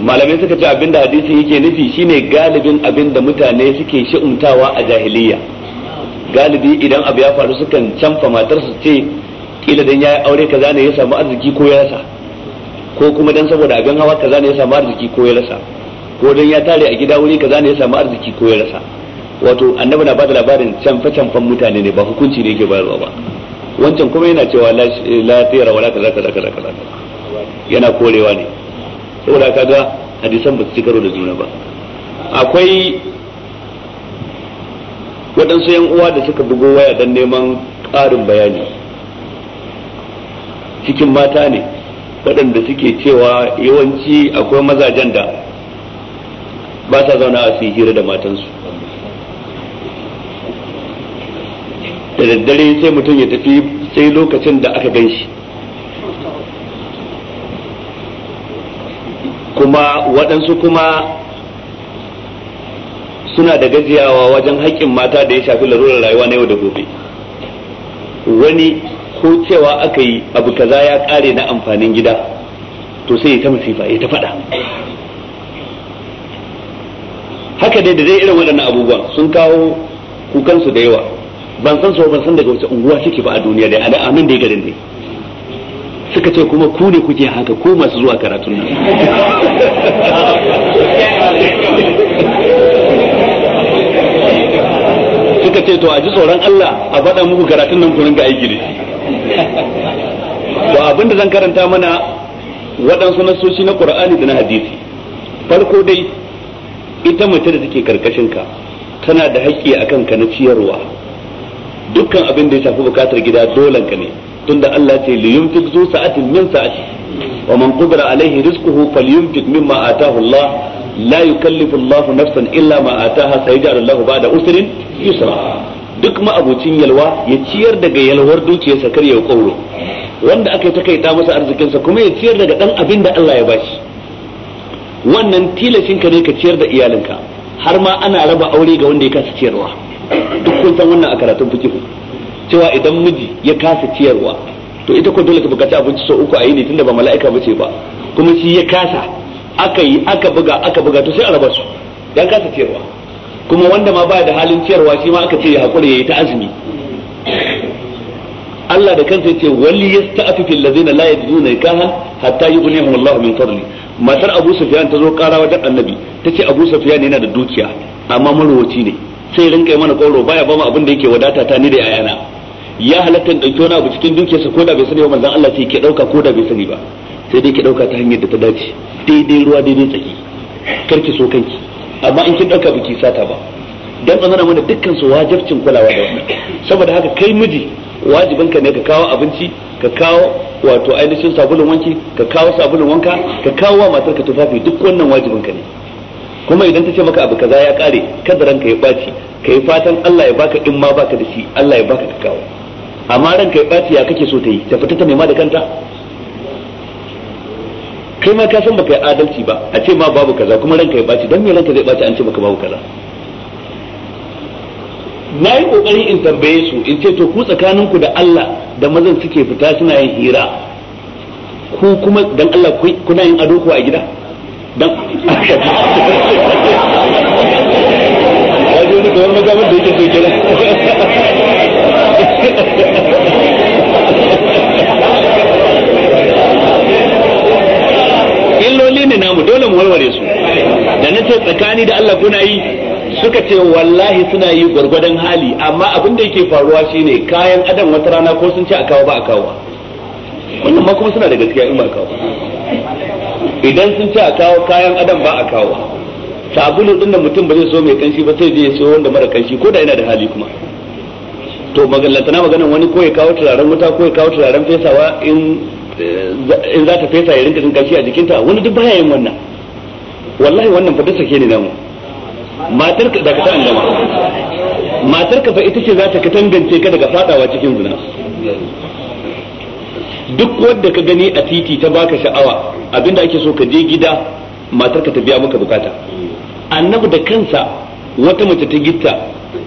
malamai suka ce abinda hadisi yake nufi shine galibin abinda mutane suke shi'umtawa a jahiliya galibi idan abu ya faru sukan canfa matar su ce kila dan yayi aure kaza ne ya samu arziki ko ya rasa ko kuma dan saboda abin hawa kaza ne ya samu arziki ko ya rasa ko dan ya tare a gida wuri kaza ne ya samu arziki ko ya rasa wato annabi na bada labarin canfa canfan mutane ne ba hukunci ne yake bayarwa ba wancan kuma yana cewa la tayara wala kaza kaza kaza yana korewa ne saboda ga hadisan ba su ci karo da juna ba akwai waɗansu yan uwa da suka bugo waya don neman ƙarin bayani cikin mata ne waɗanda suke cewa yawanci akwai mazajen da ba sa zauna a su hira da matansu da daddare sai mutum ya tafi sai lokacin da aka gan shi kuma waɗansu kuma suna da gajiyawa wajen haƙƙin mata da ya shafi larurar rayuwa na yau da gobe wani ko cewa aka yi abu kaza ya ƙare na amfanin gida to sai ta masifa ya ta faɗa haka dai da dai irin waɗannan abubuwan sun kawo kukansu da yawa ban san so ban san daga wace unguwa suke ba a duniya da a nan da garin dai suka ce kuma ku ne kuke haka ko masu zuwa karatun nan suka ce to a ji tsoron Allah a faɗa muku karatun nan ku ga aiki da to abin da zan karanta mana waɗansu nasoshi na Qur'ani da na hadisi farko dai ita mace da take karkashin ka tana da haƙƙi akan ka na ciyarwa dukkan abin da ya shafi bukatar gida dolan ne tunda Allah ce li yunfiq zu sa'atin min sa'ati wa man qadara alaihi rizquhu falyunfiq mimma ataahu Allah la yukallifu Allah nafsan illa ma ataaha sayaj'alu Allah ba'da usrin yusra duk ma'abucin yalwa ya ciyar daga yalwar dukiyarsa kar ya kauro wanda aka yi takaita masa arzikinsa kuma ya ciyar daga dan abin da Allah ya bashi wannan tilashin ka ne ka ciyar da iyalinka har ma ana raba aure ga wanda ya kasa ciyarwa duk kun san wannan a karatun fikihu cewa idan miji ya kasa ciyarwa to ita ko dole ta bukaci abinci sau uku a yi ne tunda ba mala'ika ba ce ba kuma shi ya kasa aka yi aka buga aka buga to sai a raba su dan kasa ciyarwa kuma wanda ma baya da halin ciyarwa shi ma aka ce ya ya yi ta azumi Allah da kansa yace wali fil allazina la yajiduna nikaha hatta yughnihum Allah min fadli matar Abu Sufyan ta zo kara wajen Annabi tace Abu Sufyan yana da dukiya amma marwaci ne sai rinka mana koro baya ba mu abin da yake wadata ta ni da yayana ya halatta dauki wani abu cikin dukiyarsa ko da bai sani ba manzon Allah sai ke dauka ko da bai sani ba sai dai ke dauka ta hanyar da ta dace daidai ruwa daidai tsaki karki so kanki amma in kin dauka biki sata ba dan tsanana mana dukkan su wajibcin kulawa da wannan saboda haka kai miji wajibin ka ne ka kawo abinci ka kawo wato ainihin sabulun wanki ka kawo sabulun wanka ka kawo wa matar ka tufafi duk wannan wajibin ka ne kuma idan ta ce maka abu kaza ya kare kada ranka ya baci kai fatan Allah ya baka in ma baka da shi Allah ya baka ka kawo amma ran kai ɓaci ya kake so ta yi ta fita ta nema da kanta kai ma ka san baka yi adalci ba a ce ma babu kaza kuma ran kai ɓaci dan me ranka zai ɓaci an ce baka babu kaza na yi kokari in tambaye su in ce to ku tsakaninku da Allah da mazan suke fita suna yin hira ku kuma dan Allah kuna yin ado ko a gida dan wajen da wani magamar da yake so kira <laughs> <laughs> illoli ne namu dole mu warware su da na ce tsakani da Allah kuna yi suka ce wallahi suna yi gwargwadon hali amma abin da yake faruwa shine kayan adam wata rana ko sun ce a kawo ba a kawo wannan ma kuma suna da gaskiya in ba a kawo idan sun ce a kawo kayan adam ba a kawo sabulu din da mutum ba zai so mai kanshi ba sai je ya so wanda mara kanshi ko da yana da hali kuma to na maganan wani ko ya kawo turaren wuta ko ya kawo turaren fesawa in eh, in za ta fesa ya rinka jin a jikinta wani duk baya yin wannan wallahi wannan fa sake ne namu matar ka da ka ta andama matar ka fa ita ce za ta ka tangance ka daga fadawa cikin zina duk wanda ka gani a titi ta baka sha'awa abinda ake so ka je gida matar ka ta biya maka bukata annabi da kansa wata mace ta gitta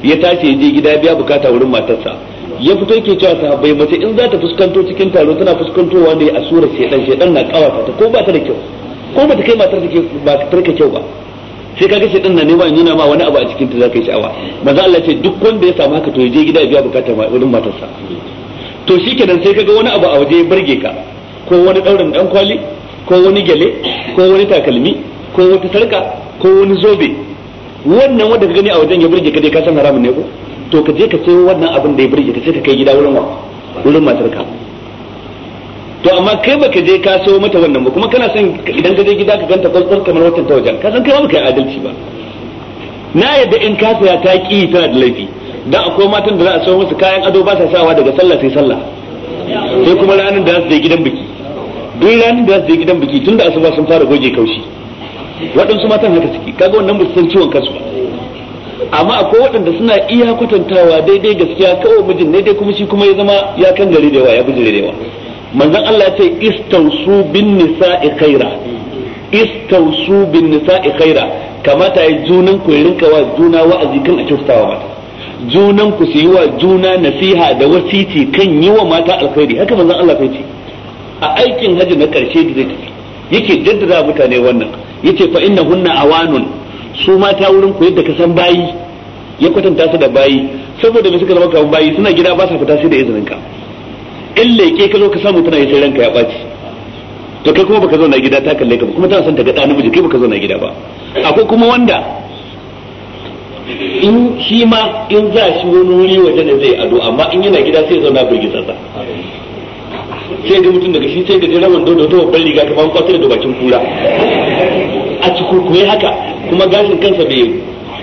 ya tashi ya je gida ya biya bukata wurin matarsa ya fito yake cewa sahabbai mace in za ta fuskanto cikin taro tana fuskantowa ne a surar shedan shedan na kawata ta ko ba ta da kyau ko ba ta kai matar take ba ta tarka kyau ba sai kaga shedan na ne? ba nuna ma wani abu a cikin ta zaka yi sha'awa manzo Allah ce duk wanda ya samu haka to ya je gida ya biya bukata wurin matarsa to shikenan sai kaga wani abu a waje ya burge ka ko wani daurin dan kwali ko wani gele ko wani takalmi ko wata sarka ko wani zobe wannan wanda ka gani a wajen ya burge ka dai ka san haramun ne ko to ka je ka sayo wannan abin da ya burge ka sai ka kai gida wurin wa wurin ka to amma kai baka je ka sayo mata wannan ba kuma kana son idan ka je gida ka ganta kwalkwal kamar watan ta wajen ka san kai ba kai adalci ba na yadda in ka saya ta ki tana da laifi dan akwai matan da za a sayo musu kayan ado ba sa sawa daga sallah sai sallah sai kuma ranar da za su je gidan biki duk ranar da za su je gidan biki tunda asuba sun fara goge kaushi waɗansu matan haka suke kaga wannan ba su san ciwon kansu amma akwai waɗanda suna iya kwatantawa daidai gaskiya kawai mijin ne dai kuma shi kuma ya zama ya kan gari da yawa ya bijire da yawa manzon Allah ya ce istausu bin nisa'i khaira istausu bin nisa'i khaira kamata ya junan ku rinka wa juna wa'azi kan a kyautatawa mata junan ku su yi wa juna nasiha da wasiti kan yi wa mata alkhairi haka manzon Allah ya ce a aikin haji na karshe da zai yake jaddada mutane wannan yace fa innahunna awanun su mata wurin ku yadda ka san bayi ya kwatanta su da bayi saboda me suka zama kawun bayi suna gida ba sa fita sai da izinin ka in leke ka zo ka samu tana sai ranka ya baci to kai kuma baka na gida ta kalle ka kuma tana son ta ga ɗan namiji kai baka na gida ba akwai kuma wanda in shi ma in za shi wani wuri waje ne zai ado amma in yana gida sai zauna sassa. sai da mutum daga shi sai da wanda da ta babban riga ta kwatar da bakin kura a kuwa haka kuma gashin kansa bai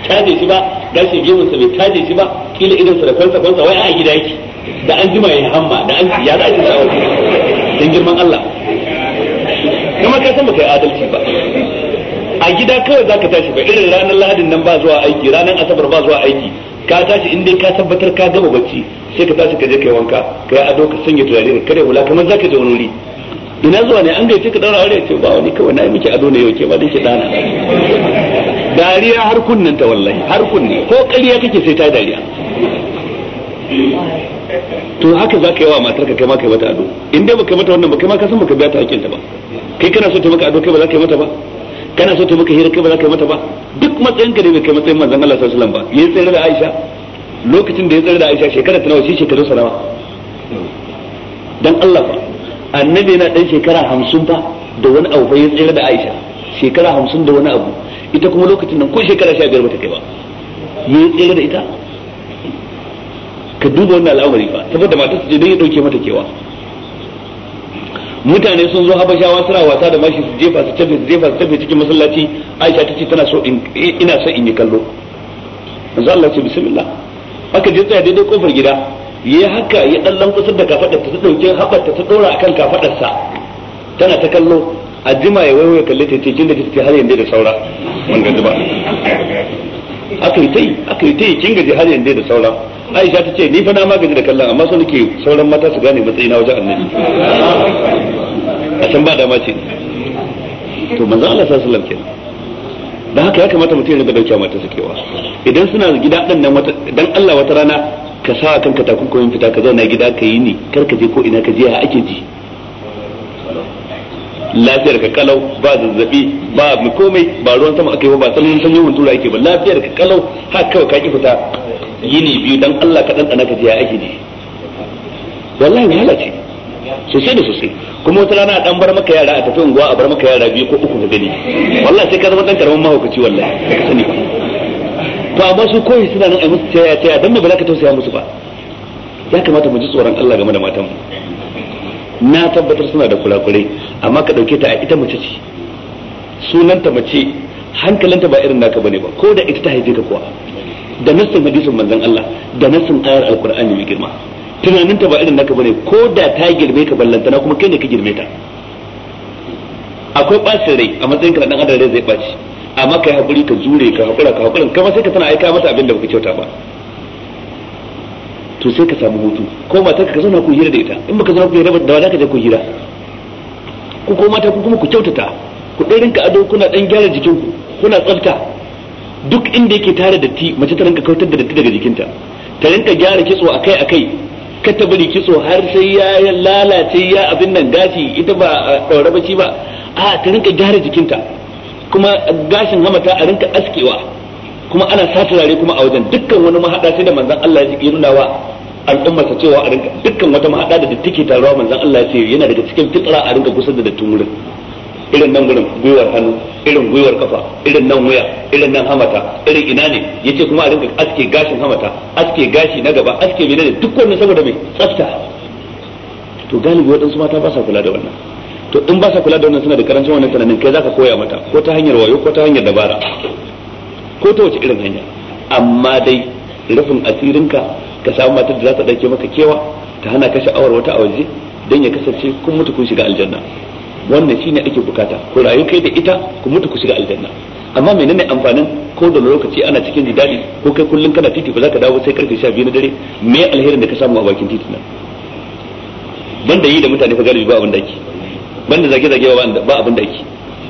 taje shi ba gashin gemunsa bai taje shi ba kila idan sa da kansa kansa wai a gida yake da an jima ya hamma da an ya za shi sawa dan girman Allah kuma ka san baka yi adalci ba a gida kawai zaka tashi ba irin ranar lahadin nan ba zuwa aiki ranar asabar ba zuwa aiki ka tashi in dai ka tabbatar ka gama bacci sai ka tashi ka je kai wanka kai ado ka sanya turare ka kare wula kamar zaka je wani wuri ina zuwa ne an gaice ka daura aure ce ba wani kawai na yi miki ado ne yau ke ba dai ke dana dariya har kunnen ta wallahi har kunne ko ƙarya kake sai ta dariya to haka za ka yi wa matar ka kai ma kai mata ado in dai baka mata wannan ba kai ma ka san baka biya ta hakkin ta ba kai kana so ta maka ado kai ba za ka yi mata ba kana so ta maka hira kai ba za ka yi mata ba duk matsayin ka ne bai kai matsayin manzon Allah sallallahu alaihi wasallam ba yayin tsare da Aisha lokacin da ya tsare da Aisha shekara ta nawa shi shekaru sa nawa dan Allah fa annabi yana dan shekara 50 fa da wani abu fa ya tsare da Aisha shekara 50 da wani abu ita kuma lokacin nan ko shekara 15 bata kai ba yayin tsare da ita ka duba wannan al'amari fa saboda matar su je dan ya dauke mata kewa mutane sun zo habashawa suna wasa da mashi su jefa su tafi su jefa su tafi cikin masallaci aisha ta ce tana so in ina so in yi kallo manzo Allah ce bismillah aka je tsaya daidai kofar gida yayi haka ya dan lankusar da kafadar ta dauke habar ta dora akan kafadar sa tana ta kallo a jima ya waiwaye kalle ta ce kinga ta har yanda da saura mun gaji ba aka yi tai aka yi tai kinga ji har yanda da saura Aisha ta ce ni fa na magani da kallon amma sun ke sauran mata su gane matsayi na wajen annabi a can ba dama ce to manzo Allah sallallahu alaihi wasallam kenan da haka ya kamata mutum ya rinka dauke mata sakewa idan suna gida dan nan wata dan Allah wata rana ka sa kanka takunkumin fita ka zauna gida ka yi ni kar ka je ko ina ka je ya ake ji lafiyar ka kalau ba zazzabi ba komai ba ruwan sama ake ba tsananin sanyin huntura ake ba lafiyar ka kalau haka kawai ka ki fita yini biyu dan Allah ka ɗanɗana ka jiya ake ne wallahi wahala ce sosai da sosai kuma wata rana a dan bar maka yara a tafi unguwa a bar maka yara biyu ko uku ka gani wallahi sai ka zama dan karamin mahaukaci wallahi ka sani to amma su koyi suna nan a musu taya taya dan ba za ka tausaya musu ba ya kamata mu ji tsoron Allah game da matan mu na tabbatar suna da kurakurai amma ka dauke ta a ita mace ce sunanta mace hankalinta ba irin naka bane ba ko da ita ta haife ka kuwa da nassin hadisin manzon Allah da nassin ayar alqur'ani mai girma tunanin ta ba irin naka bane ko da ta girme ka ballantana kuma kai ne ka girme ta akwai bacin rai a matsayin ka dan adam rai zai baci amma kai hakuri ka jure ka hakura ka hakurin kamar sai ka tana aika mata abin da baka kyauta ba to sai ka samu hutu ko mata ka zauna ku hira da ita in baka zauna ku hira da za ka je ku hira ku ko mata ku kuma ku kyautata ku dai rinka ado kuna dan gyara jikin ku kuna tsafta duk inda yake tare da ti mace ta rinka kautar da datti daga jikinta ta rinka gyara kitso akai akai ka ta bari kitso har sai ya lalace ya abin nan gashi ita ba daure shi ba a ta rinka gyara jikinta kuma gashin hamata a rinka askewa kuma ana saturare kuma a wajen dukkan wani mahada sai da manzon Allah ya nuna wa al'umma ta cewa a rinka dukkan wata mahada da take taruwa manzon Allah ya ce yana daga cikin fitra a rinka kusa da dattin wurin irin nan gurin gwiwar hannu irin gwiwar kafa irin nan wuya irin nan hamata irin ina ne yace kuma a rinka aske gashin hamata aske gashi na gaba aske ne duk wannan saboda me tsafta to galibi waɗansu mata ba sa kula da wannan to in ba sa kula da wannan suna da karancin wannan tunanin kai zaka koya mata ko ta hanyar wayo ko ta hanyar dabara ko ta wace irin hanya amma dai rufin asirinka ka samu matar da za ta ɗauke maka kewa ta hana ka sha'awar wata a waje don ya kasance kun mutu kun shiga aljanna wannan ne ake bukata ku rayu kai da ita ku mutu ku shiga aljanna amma menene amfanin ko da lokaci ana cikin jidali ko kai kullun kana titi ba za ka dawo sai karfe 12 na dare me alherin da ka samu a bakin titi nan banda yi da mutane fa galibi ba abin da ake banda zage zage ba abin da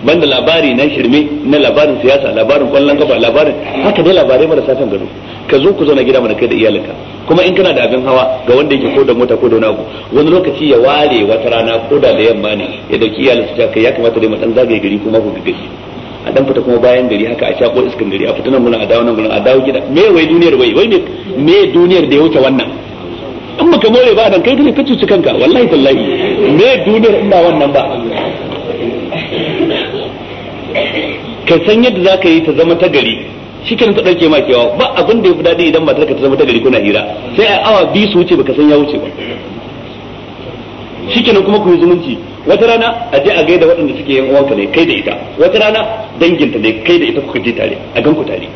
banda labari na shirme na labarin siyasa labarin kwallon kafa labarin haka dai labarai marasa kan gado ka zo ku zauna gida mana kai da iyalinka kuma in kana da abin hawa ga wanda yake ko da mota ko da abu wani lokaci ya ware wata rana ko da da yamma ne ya dauki iyalin su kai ya kamata dai mu dan zagaye gari kuma ku gaggaci a dan fita kuma bayan gari haka a shako iskan gari a fita nan gurin a dawo nan gurin a dawo gida me wai duniyar wai wai me duniyar da ya wuce wannan in baka more ba dan kai ne ka cuci kanka wallahi tallahi me duniyar ina wannan ba ka san yadda za ka yi ta zama ta gari shi kan ta ɗauke ma kewa ba abin da ya fi daɗi idan matar ka ta zama ta gari kuna hira sai a awa biyu su wuce baka san ya wuce ba shi kenan kuma ku yi zumunci wata rana a je a gaida waɗanda suke yan uwanka ne kai da ita wata rana danginta ne kai da ita kuka je tare a gan ku tare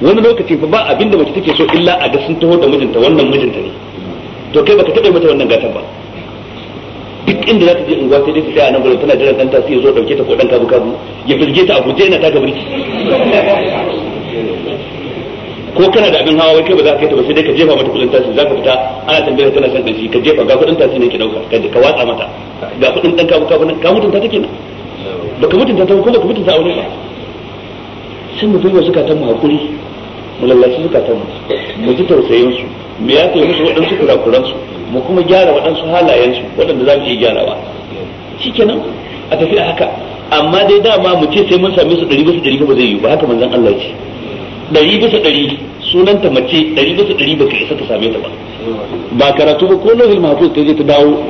wani lokaci fa ba abin da mace take so illa a ga sun taho da mijinta wannan mijinta ne to kai baka taɓa mata wannan gatan ba duk inda za ta je unguwa sai dai ta a nan gurin tana jiran ɗanta sai ya zo ɗauke ta ko ɗan kabu kabu ya firge ta a guje yana taka birki ko kana da abin hawa wai kai ba za ka kai ta ba sai dai ka jefa mata kuɗin tasi za ka fita ana tambayar tana son ɗanci ka jefa ga kuɗin tasi ne ki ɗauka ka watsa mata ga kuɗin ɗan kabu kabu ka mutunta take nan ka mutunta ta ko ka mutunta aure ba sai mu bai wa zukatan mu hakuri mu suka ta mu mu ji tausayin su mu ya yafe musu waɗansu kurakuran su mu kuma gyara waɗansu halayen su waɗanda za mu iya gyarawa shikenan a tafi haka amma dai dama mu ce sai mun same su ɗari bisa ɗari ba zai yi ba haka manzon Allah ce ɗari bisa ɗari ta mace ɗari bisa ɗari ba ka isa ka same ta ba ba karatu ba ko lohil mahfuz ta je ta dawo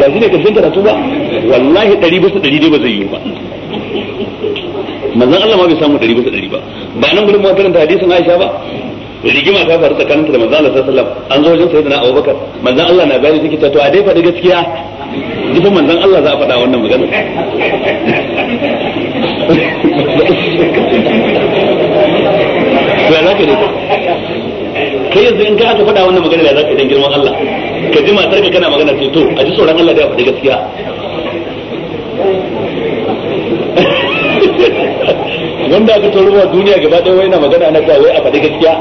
ba shi ne karshen karatu ba wallahi ɗari bisa ɗari dai ba zai yi ba manzon Allah ma bai samu 100 bisa dari ba ba nan gurin mutarin da hadisin Aisha ba rigima ta faru ta da manzon Allah sallallahu alaihi wasallam an zo wajen sayyidina Abubakar manzon Allah na bayani take to a dai faɗi gaskiya jifa manzon Allah za a faɗa wannan magana ya zaka ne kai yanzu in ka aka faɗa wannan magana ya zaka dan girman Allah ka ji matar ka kana magana ce to a ji tsoron Allah da ya faɗi gaskiya <laughs> wanda aka taruwa duniya gaba ɗaya wai na magana na kawai a faɗi gaskiya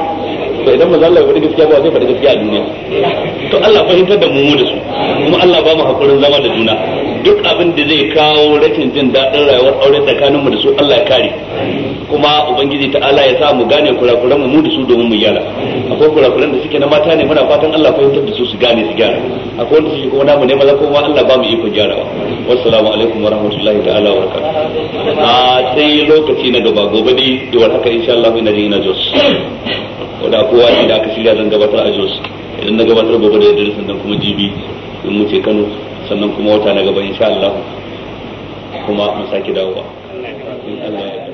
ba idan manzo Allah ya faɗi gaskiya ba zai faɗi gaskiya a duniya to Allah fahimtar da mu mu da su kuma Allah ba mu hakurin zama da juna duk abin da zai kawo rashin jin daɗin rayuwar aure tsakanin mu da su Allah ya kare kuma ubangiji Allah ya sa mu gane kurakuran mu mu da su domin mu gyara akwai kurakuran da suke na mata ne muna fatan Allah fahimtar da su su gane su gyara akwai wanda suke kuma namu ne maza kuma Allah ba mu iko gyarawa wassalamu alaikum wa rahmatullahi ta'ala wa barakatuh a ah, sai lokaci na gaba gobe dai da haka insha Allah ina ji ina jos wanda kowa shi da aka shirya zan gabatar a jos idan na gabatar gobe da yadda sannan kuma jibi in muke kano sannan kuma wata na gaba insha Allah kuma mu sake dawowa in Allah ya